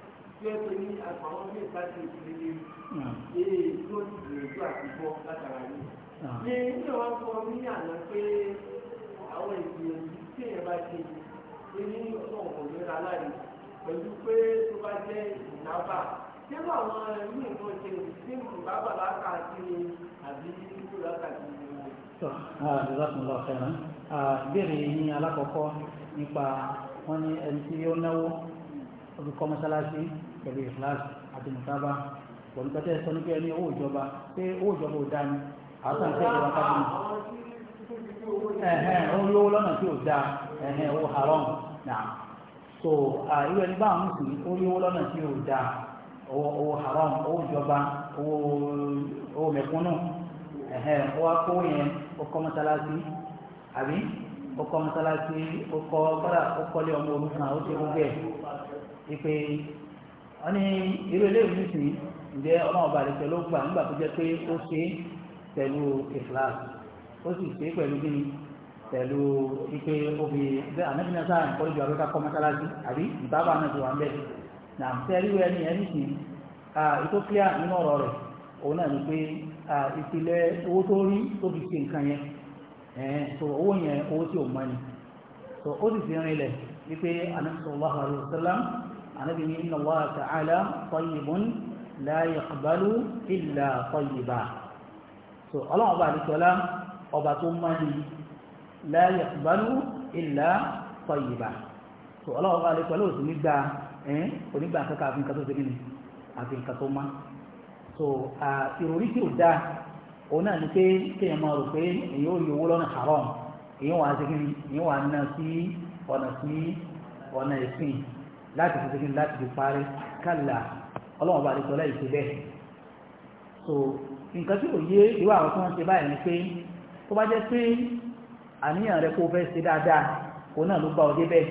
tí ó ti ní àgbàwọn ní ìtàkì ìdílé ní èyí hmm. tó ti gbìyànjú àti bọ́ látara yìí. Hmm. ní ilé wa sọ ní àná pé àwọn ìgbìyànjú tí èèyàn bá ṣe ní ní ọ̀pọ̀ ìlera láàyè pẹ̀lú pé tó bá jẹ́ ìnábà nínú àwọn ẹ̀rú ìbọn ṣe ní ìbábà lákàtí ni àbí ìlú lákàtí ni. Ìjọba ọ̀fẹ́ràn. Ìbéèrè ní alákọ̀ọ́kọ́ nípa wọ́n ní ẹni tí ó náwó, ó fi kọ́ pẹ̀lú ìfúláṣì àti mùtábà pẹ̀lú pẹ́tẹ́ sọ ní pé ẹni owó ìjọba pé owó ìjọba ò dáa ni àwọn ìjọba ẹ̀hẹ́n lọ́nà tí dáa ẹ̀hẹ́n haram náà so ẹni bá lọ́nà tí dáa owó haram owó ìjọba owó ẹ̀hẹ́n kówó yẹn ọmọ ó ti gbogbo ẹ̀ ani ní irú eléyìí ní sìn ǹjẹ́ ọlọ́run bá lè gbà nígbà tó jẹ́ pé ó ṣe pẹ̀lú ìflas ó sì ṣe pẹ̀lú bí pẹ̀lú ipe omi bẹ́ẹ̀ anábìnrin sáà ń kọ́lé ju abẹ́ká kọ́ àbí ìbábà náà ti wà nà sìn ètò clear nínú ọ̀rọ̀ rẹ̀ òun náà ni pé ìpìlẹ̀ owó tó rí tó fi ṣe nǹkan yẹn so owó yẹn owó tí ò ni so ó sì ànábì ní inna Allaha ta'ala tayyibun la yaqbalu illa tayyiba so ọlọ́run ọba àdìsọ́lá ọba tó máa ní la yaqbalu illa tayyiba so ọlọ́run ọba àdìsọ́lá òsì nígbà ẹ̀ onígbà kankan àfi nǹkan tó ṣe kíni àfi nǹkan tó má so ìròrí tí ò dáa òun náà ni pé kéèyàn máa rò pé èyí ò yọ owó lọ́nà haram èyí wà á ṣe kíni èyí wà á ná sí ọ̀nà sí ọ̀nà ẹ̀sìn láti fi tẹ́kí láti fi parí kálà ọlọ́run bá dìtọ́lá ìṣe bẹ́ẹ̀ so nǹkan tí ò yé ìwà àwọn tó ń ṣe báyìí ni pé tó bá jẹ́ pé àníyàn rẹ kó fẹ́ ṣe dáadáa òun náà ló bá ọ débẹ̀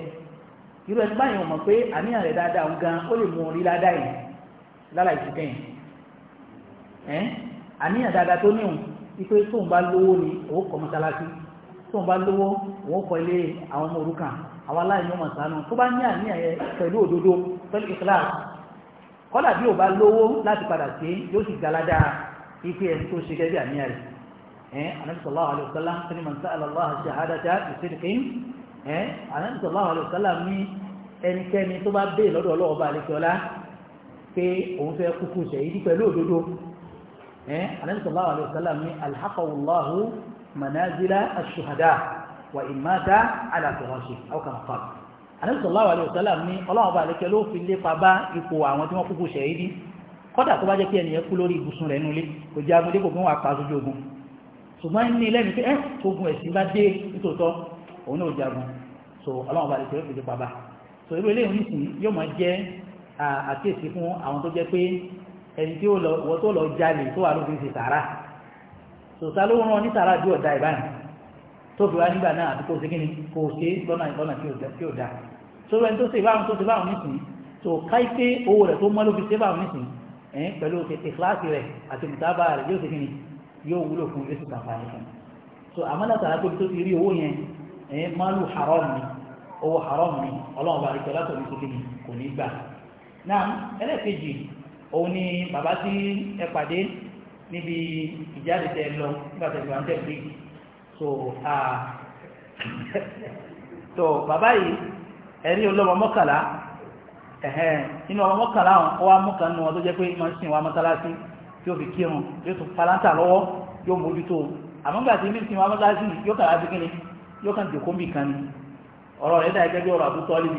irú ẹni báyìí wọn mọ̀ pé àníyàn rẹ dáadáa òun gan ó lè mú orí ládàá yìí lára ìṣúkẹ́ yìí ẹ́ àníyàn dáadáa tó níhùn ipe tóun bá lówó ni òun kọ́ mọ́sálásí tóun bá lówó òun kọ́ àwọn aláìní ọmọ sànú tó bá ní àníyàn yẹn pẹ̀lú òdodo pẹ̀lú ìkìláàsì kọ́dà bí ò bá lówó láti padà sí yóò sì galada ipe ẹni tó ṣe gẹ́gẹ́ àníyàn rẹ̀ ẹ̀ anabi sallallahu alayhi wa sallam sani man sa'ala allah shahadata bisidqin ẹ̀ anabi sallallahu alayhi wa sallam ní ẹnikẹ́ni tó bá bẹ́ẹ̀ lọ́dọ̀ ọlọ́wọ́ bá alẹ́ pé wà ìmáta alàfihànṣe àwọn kan fà. ànábì sallallahu alaihi wasallam ní ọlọ́run bá lékẹ́ ló fi lépa bá ipò àwọn tí wọ́n kúkú ṣàhídì kọ́dà tó bá jẹ́ pé ẹnìyẹn kú lórí ibùsùn rẹ̀ nulẹ̀ kò jẹ́ amúdé kò fún wa pa sójú ogun ṣùgbọ́n ní lẹ́nu pé ẹ́ ogun ẹ̀sìn bá dé nítòótọ́ òun náà jagun so ọlọ́run bá lékẹ́ ló fi lépa bá so irú eléyìí nísìnyí yóò máa jẹ́ àkíyèsí fún àwọn tó jẹ́ pé ẹni tí wọ́n tó lọ jalè tó wà lófin ti sàárà sòtá ló rán ní sàárà bí ọ̀dà ìbáyìí tó fi wá nígbà náà àti kò sí kíni kò ṣe lọ́nà ìlọ́nà tí ò dá sórí ẹni tó ṣe báwọn tó ṣe báwọn nísìnyí tó káyí pé owó rẹ̀ tó mọ́ ló fi ṣe báwọn nísìnyí ẹ̀yìn pẹ̀lú ìkíláàsì rẹ̀ àti mùtábà rẹ̀ yóò ṣe kíni yóò wúlò fún yóò sì sàǹfààní fún so àmọ́ látara pé tó ti rí owó yẹn ẹ̀yìn mọ́lù haram ni owó haram ni ọlọ́run bá rí pẹ̀lú àtọ̀ nítorí kò ní gbà náà ẹlẹ́ẹ̀kejì òun ni bàbá tí ẹ pàdé níbi ìjáde tẹ lọ nígbà tẹ̀síwájú tẹ̀ so so bàbá yìí ẹ̀rí olóòmọ mọ́kànlá ẹ̀hẹ́n inú ọmọ mọ́kànlá wọn wá mọ́kànlá wọn tó jẹ́ pé máa ń sìn wá mọ́tálásí yóò fi kírun yóò tún palántà lọ́wọ́ yóò mójútó àmọ́gbà tí mílíọ̀tì wọn kan ni ọ̀rọ̀ rẹ̀ dà gẹ́gẹ́ bí ọ̀rọ̀ àbútọ́lì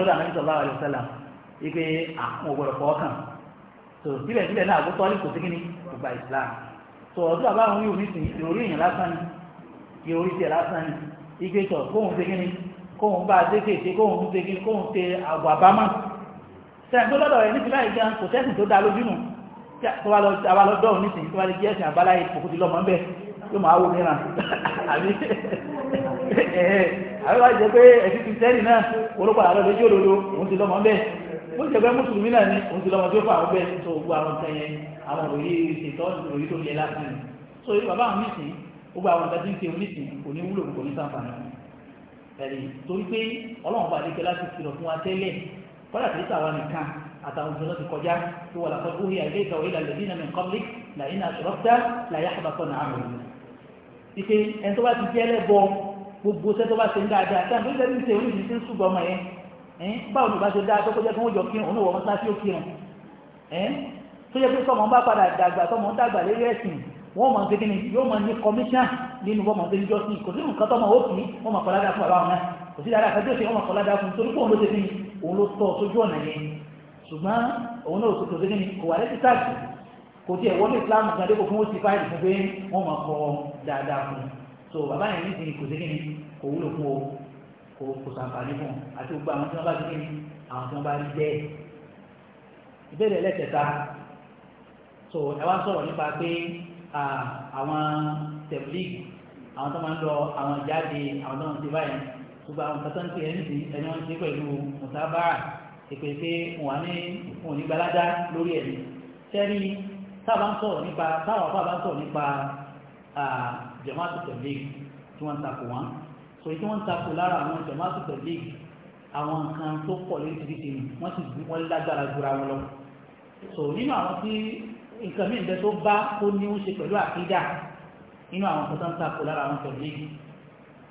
sallallahu ipe àwọn ògbọ́dọ̀ fọ́ọ̀kàn tó síbẹ̀síbẹ̀ náà àgùntàn ní kò sí kíní kò gba islam tó ọdún àbáwọn yóò ní sìn ìròrí èèyàn lásán ni ìròrí tiẹ̀ lásán ni ipe tọ̀ kóhun ṣe kíní kóhun bá a dé kéèké kóhun ṣe kíní kóhun ṣe àgọ́ àbámọ́ sẹ́yìn tó lọ́dọ̀ rẹ̀ ní fìlà ìjà kò sẹ́sìn tó dá lójú nù tó bá lọ dọ́ọ̀ ní sìn tó bá lè jẹ́ ẹ̀sìn àbáláyé òkúti lọ́mọ ń bẹ̀ yóò máa wò mìíràn àbí ẹ̀ẹ́ àbí wá ó jẹ́ pé mùsùlùmí náà ní oṣù lọ́mọ tó fà ọgbẹ́ tó gbọ́ àwọn nǹkan yẹn àwọn òròyìn ìṣètọ́ òròyìn tó yẹ lásìkò so bàbá àwọn mìsìn gbogbo àwọn nǹkan ń ṣe onísìn kò ní wúlò kò ní sàǹfààní ẹ̀rí torí pé ọlọ́run bá dékẹ́ láti kìlọ̀ fún wa tẹ́lẹ̀ kọ́lá kìí sàwa nìkan àtàwọn òṣèlú ti kọjá tó wà lásán ó yẹ àgbẹ̀ ìkàwé ìlà lẹ́bí nàmì kọ́mí làyín àṣọ̀rọ̀tà báwo ni ìbá ṣe dáa tó kó jẹ́ kí wọ́n jọ kírun òun ò wọ́n sáfí ó kírun tó jẹ́ pé tọ́mọ bá padà dàgbà tọ́mọ dàgbà lérí ẹ̀sìn wọ́n mọ̀ sí kíni yóò mọ̀ ní commission nínú wọ́n mọ̀ sí ìjọ sí kò sí nǹkan tọ́mọ ó kì í wọ́n mọ̀ kọ́ládà fún àbáwọn náà kò sí dáadáa kájọ́ sí wọ́n mọ̀ kọ́ládà fún torí pé òun ló ṣe kíni òun ló tọ́ sójú ọ̀nà yẹn ṣùgbọ́n òun náà kò sí kíni kò wà lẹ́sí táàkì kò tiẹ̀ wọ́n ní Islam kan dé kò fún ó ti fáìlì fún pé wọ́n mọ̀ kọ́ dáadáa fún so bàbá yẹn ní kò kò sàǹfààní fún àti gbogbo àwọn tí wọ́n bá ti ní àwọn tí wọ́n bá rí bẹ́ẹ̀. ìbéèrè ẹlẹ́kẹta so ẹ wá sọ̀rọ̀ nípa pé àwọn tẹ̀blíìgì àwọn tó máa ń lọ àwọn jáde àwọn tó ń ti báyìí gbogbo àwọn kan tó ń pè é nìsí ẹni wọ́n ti pẹ̀lú mùsàbáà èpè pé wọn wà ní wọn ò ní gbalada lórí ẹ̀ sẹ́ni táwọn bá ń sọ̀rọ̀ nípa táwọn bá ń sọ̀rọ̀ nípa jẹ̀mọ́tò tẹ̀blíìgì tí wọ́n ń takò wọn kò yí tí wọ́n ń takò lára àwọn jamaatu tẹ̀lé àwọn nǹkan tó pọ̀ lóríṣiríṣi ni wọ́n sì wọ́n lágbára jura wọn lọ so nínú àwọn tí nǹkan mìíràn bẹ tó bá tó ní ó ṣe pẹ̀lú àkídà nínú àwọn kan tó ń takò lára àwọn tẹ̀lé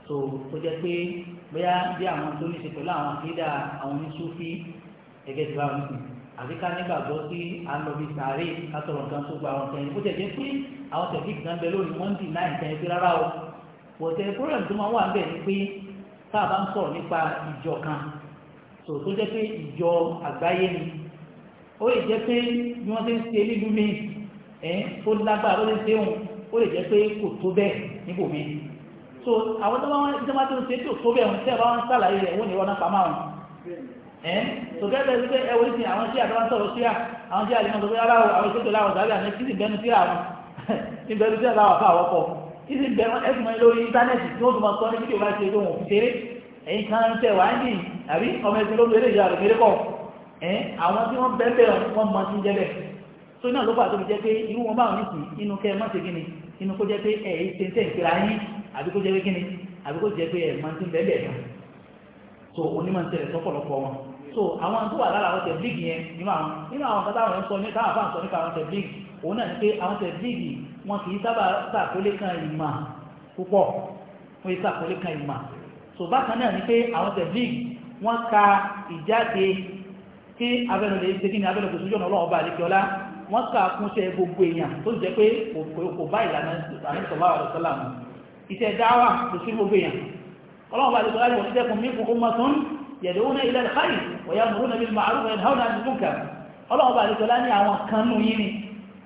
so tó jẹ́ pé bóyá bí àwọn tó ní ṣe pẹ̀lú àwọn àkídà àwọn oníṣúfí ẹgẹ́ ti bá wọn sùn àbí ká nígbàgbọ́ sí alọ́bí sàárè kátọ̀rọ̀ nǹkan tó gba àwọn tẹ̀lé bó tẹ̀ jẹ́ pé àwọn tẹ̀lé ìgbàgbẹ́ lónìí wọ́n ń dì náà ìtẹ̀lé rárá o wọ̀tẹ̀ program tó máa wà bẹ́ẹ̀ ni pé tá a bá ń sọ̀rọ̀ nípa ìjọ kan tó tó jẹ́ pé ìjọ àgbáyé ni ó lè jẹ́ pé bí wọ́n ti ń ṣe nílùú mi ẹ̀ ó lágbára ó lè ṣe òun ó lè jẹ́ pé kò tó bẹ́ẹ̀ níbò mi so àwọn tó bá wọn ṣe máa tó ń ṣe tó tó bẹ́ẹ̀ wọn tẹ́ bá wọn ń sàlàyé rẹ̀ wọ́n ní wọn náà pamọ́ àwọn ẹ̀ tó bẹ́ẹ̀ bẹ́ẹ̀ pé ẹ wọ́n ti àwọn tí àdọ́wọ́n sọ̀rọ̀ sí à àwọn tí àdìmọ̀ tó bẹ́ẹ̀ aláwọ̀ àwọn ìṣètò láwọ̀ sábẹ́ àmì títí bẹ̀rẹ̀ ẹ̀sùn mọ́ lórí íńtánẹ́ẹ̀tì tí wọ́n tún máa sọ ní fídíò bá ṣe tó wọn fi ṣeré ẹ̀yìn kan ń tẹ̀wá ń dìyìn àbí ọmọ ẹ̀sìn ló bẹ̀rẹ̀ ìyá àbẹ̀rẹ̀ kọ̀ ẹ̀ àwọn tí wọ́n bẹ̀rẹ̀ wọ́n mọ ti ń jẹ́bẹ̀ tó náà ló fà tó fi jẹ́ pé irú wọn bá wọn nìsín inú kẹ́ mọ́ ṣe kí ni inú kó jẹ́ pé ẹ̀ ẹ́ ṣe ń tẹ̀ ìpìlà yín àbí kó jẹ́ pé kí ni àbí kó jẹ́ pé ẹ̀ mọ́ ti ń bẹ̀rẹ̀ kan so onímọ̀ ń tẹ̀lẹ̀ sọ́pọ̀lọpọ̀ wọn so àwọn tó wà lára àwọn tẹ̀blíìgì yẹn nínú àwọn nínú àwọn kan táwọn ń sọ ní táwọn àbá ń sọ nípa àwọn tẹ̀blíìgì òun náà ni pé àwọn tẹ̀blíìgì wọn kì í sábà sàkólé kan ìmà púpọ̀ wọn kì kan ìmà so bákan náà ni pé àwọn tẹ̀blíg wọ́n ka ìjáde kí abẹ́nulè ṣe kí ni abẹ́nulè kò sójú ọ̀nà ọlọ́wọ́ bá àdékẹ́ọ́lá wọ́n kà kún iṣẹ́ gbogbo èèyàn tó jẹ́ pé kò bá ìlànà àníṣọ̀lá àdọ́sọ́là mu iṣẹ́ dáwà kò sí gbogbo èèyàn ọlọ́wọ́ bá àdékẹ́ọ́lá ni wọ́n ti dẹ́kun mí fún ọmọ tó ń yẹ̀dẹ̀wọ́n ilẹ̀ alkhari wọ̀yá mọ̀rún nàbí màálù wọ̀yá náà nàbí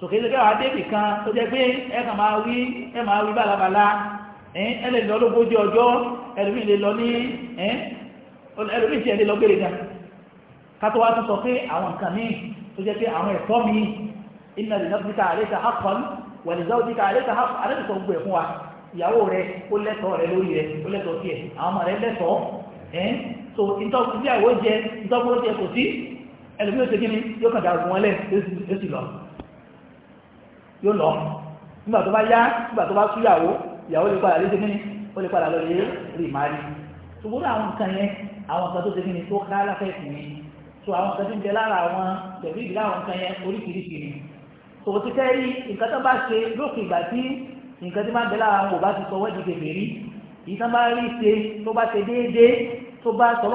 sòkèlè kẹwàá adébì kan tó jẹ́ pé ẹ̀kà máa wí ẹ máa wí bàlàbàlà ẹlẹ́ lọ lógójì ọjọ́ ẹlòmí lè lọ ní ẹlòmí tí ẹlẹ́ lọ gbére gan kátó wá tó sọ pé àwọn nǹkan míì tó jẹ́ pé àwọn ẹ̀tọ́ mi iná lè náà bíkà àlẹ́ta hakan wà lè záwọ́ bíkà àlẹ́ta hakan àlẹ́ta sọ gbogbo ẹ̀fún wa ìyàwó rẹ ó lẹ́tọ̀ọ́ rẹ lórí rẹ ó lẹ́tọ̀ọ́ sí ẹ̀ àwọn ọmọ rẹ lẹ́tọ̀ọ́ so ìtọ́kùnrin ìyàwó jẹ ìtọ́kùnrin jẹ kò sí ẹlòmí ó ti kí yóò lọ nígbà tó bá yá nígbà tó bá súyàwó ìyàwó lè padà lé ṣe kíni ó lè padà lọ lè rí ìmárì ṣùgbọ́n àwọn nǹkan yẹn àwọn nǹkan tó ṣe kíni tó ká láfẹ̀ẹ́sì ni so àwọn nǹkan tó ń bẹ lára àwọn tẹ̀lé ìdílé àwọn nǹkan yẹn oríṣiríṣi ni so ti tẹ́ rí nǹkan tó bá ṣe lókè ìgbà tí nǹkan tó bá ń bẹ lára àwọn ò bá ti sọ wẹ́ẹ̀dì kẹfẹ́ rí ìtàn bá rí ṣe tó bá ṣe déédéé tó bá sọ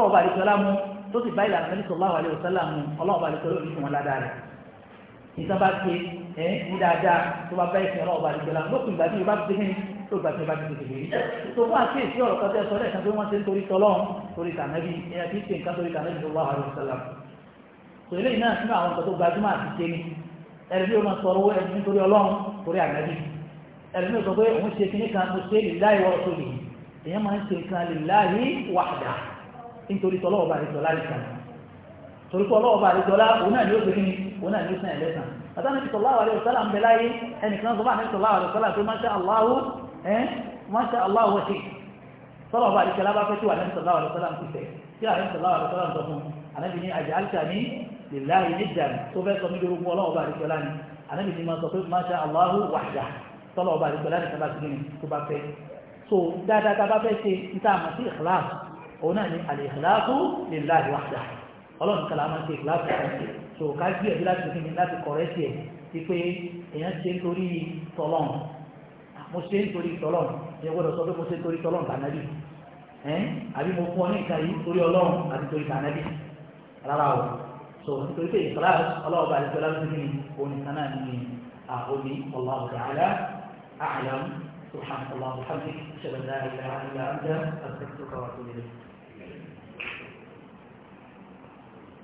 ìtàn bá ṣe ẹ ní dáadáa tó bá bá ìsìn ọlọ́ọ̀bá àdìgbẹ́lá lókùn ìgbà tí yorùbá ti dé tó gbà tí yorùbá ti dé tètè rí tó fún àkíyèsí ọ̀rọ̀ kan tẹ́ sọ lẹ́ẹ̀kan pé wọ́n ṣe ń torí tọlọ́run torí tànẹ́bí ẹ̀yà kì í ṣe nǹkan torí tànẹ́bí tó wà á lọ sẹ́lá tò eléyìí náà sínú àwọn nǹkan tó gbajúmọ̀ àti ṣe ni ẹ̀rọ yóò máa sọ̀rọ̀ ẹ̀rọ nítorí ọlọ́run torí ànẹ́bí ẹ̀rọ yóò sọ pé òun ṣe kíní kan mo ṣe lìláì wọ́n tó lè èèyàn máa ń ṣe nǹkan lìláì wàdà nítorí tọlọ́ọ̀bà àdìjọ́lá nìkan torí tọlọ́ọ̀bà àdìjọ́lá òun náà ni ó ṣe kíní òun náà ní ó sàn ẹ̀lẹ́sàn àtàwọn ìpìtọ̀ láwà rẹ̀ òsàlà ń bẹ láyé ẹnìkan tó bá ní ìpìtọ̀ láwà rẹ̀ òsàlà pé máṣá aláwò ẹ́ máṣá aláwò ṣe sọ́rọ̀ bá ìṣẹ́lá bá fẹ́ tí wà ní ìpìtọ̀ láwà rẹ̀ òsàlà ń pìtẹ̀ tí àwọn ìpìtọ̀ láwà rẹ̀ òsàlà ń sọ fún anábì ní àjà alìkà ní lèláyé níjà tó fẹ́ sọ nídìí orúkọ ọlọ́wọ́ so dáadáa tá bá fẹ́ ṣe ní tá a mọ̀ sí ìkìláàsì òun náà ni àlè ìkìláàsì so ká gbìyànjú láti fi láti kọ̀rẹ́ sí ẹ̀ sí pé èèyàn ṣe ń torí tọ́lọ́n mo ṣe ń torí tọ́lọ́n ẹ gbọ́dọ̀ sọ pé mo ṣe ń torí tọ́lọ́n tànàbí ẹ́n àbí mo fún ọ ní ìka yìí torí ọlọ́run àti torí tànàbí rárá o so nítorí pé ìkọlá ọlọ́run bá àdìsọ́lá ló ti ní onìkan náà ní àhóbi ọlọ́run tààlà àlàm subhanahu wa ta'ala alhamdulilayi ṣẹlẹ̀ dáadáa ilẹ̀ àdìsọ́lá